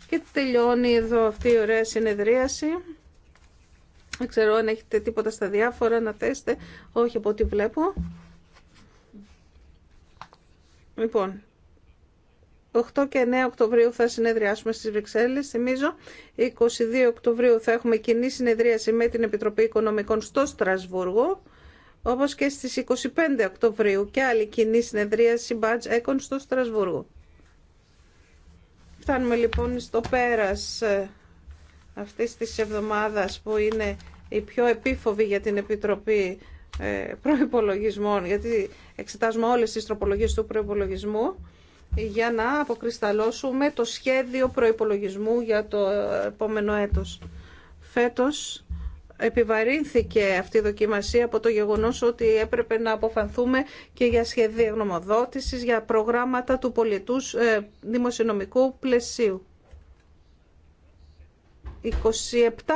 Και τελειώνει εδώ αυτή η ωραία συνεδρίαση. Δεν ξέρω αν έχετε τίποτα στα διάφορα να θέσετε. Όχι από ό,τι βλέπω. Λοιπόν, 8 και 9 Οκτωβρίου θα συνεδριάσουμε στις Βρυξέλλες, θυμίζω. 22 Οκτωβρίου θα έχουμε κοινή συνεδρίαση με την Επιτροπή Οικονομικών στο Στρασβούργο, όπως και στις 25 Οκτωβρίου και άλλη κοινή συνεδρίαση Badge Econ στο Στρασβούργο. Φτάνουμε λοιπόν στο πέρας ε, αυτής της εβδομάδας που είναι η πιο επίφοβη για την Επιτροπή ε, Προϋπολογισμών, γιατί εξετάζουμε όλες τις τροπολογίες του προϋπολογισμού για να αποκρισταλώσουμε το σχέδιο προϋπολογισμού για το επόμενο έτος. Φέτος επιβαρύνθηκε αυτή η δοκιμασία από το γεγονός ότι έπρεπε να αποφανθούμε και για σχέδια γνωμοδότησης, για προγράμματα του πολιτούς ε, δημοσιονομικού πλαισίου. 27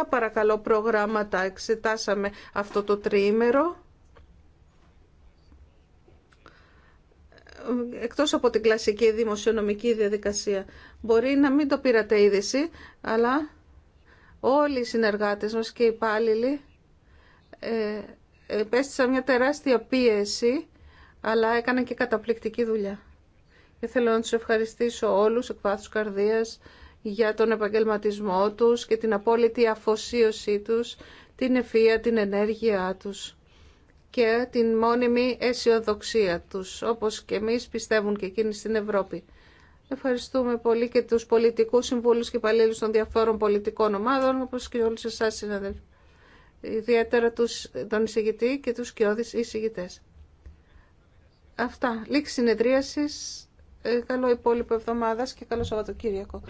παρακαλώ προγράμματα εξετάσαμε αυτό το τριήμερο. Εκτός από την κλασική δημοσιονομική διαδικασία. Μπορεί να μην το πήρατε είδηση, αλλά όλοι οι συνεργάτες μας και οι υπάλληλοι ε, μια τεράστια πίεση, αλλά έκαναν και καταπληκτική δουλειά. Και θέλω να τους ευχαριστήσω όλους εκ βάθους καρδίας για τον επαγγελματισμό τους και την απόλυτη αφοσίωσή τους, την ευφία, την ενέργειά τους και την μόνιμη αισιοδοξία τους, όπως και εμείς πιστεύουν και εκείνοι στην Ευρώπη. Ευχαριστούμε πολύ και τους πολιτικούς συμβούλους και υπαλλήλου των διαφόρων πολιτικών ομάδων, όπως και όλους εσάς συναδέλφοι, Ιδιαίτερα τους, τον εισηγητή και τους κοιόδης εισηγητές. Αυτά. Λήξη συνεδρίασης. Ε, καλό υπόλοιπο εβδομάδας και καλό Σαββατοκύριακο.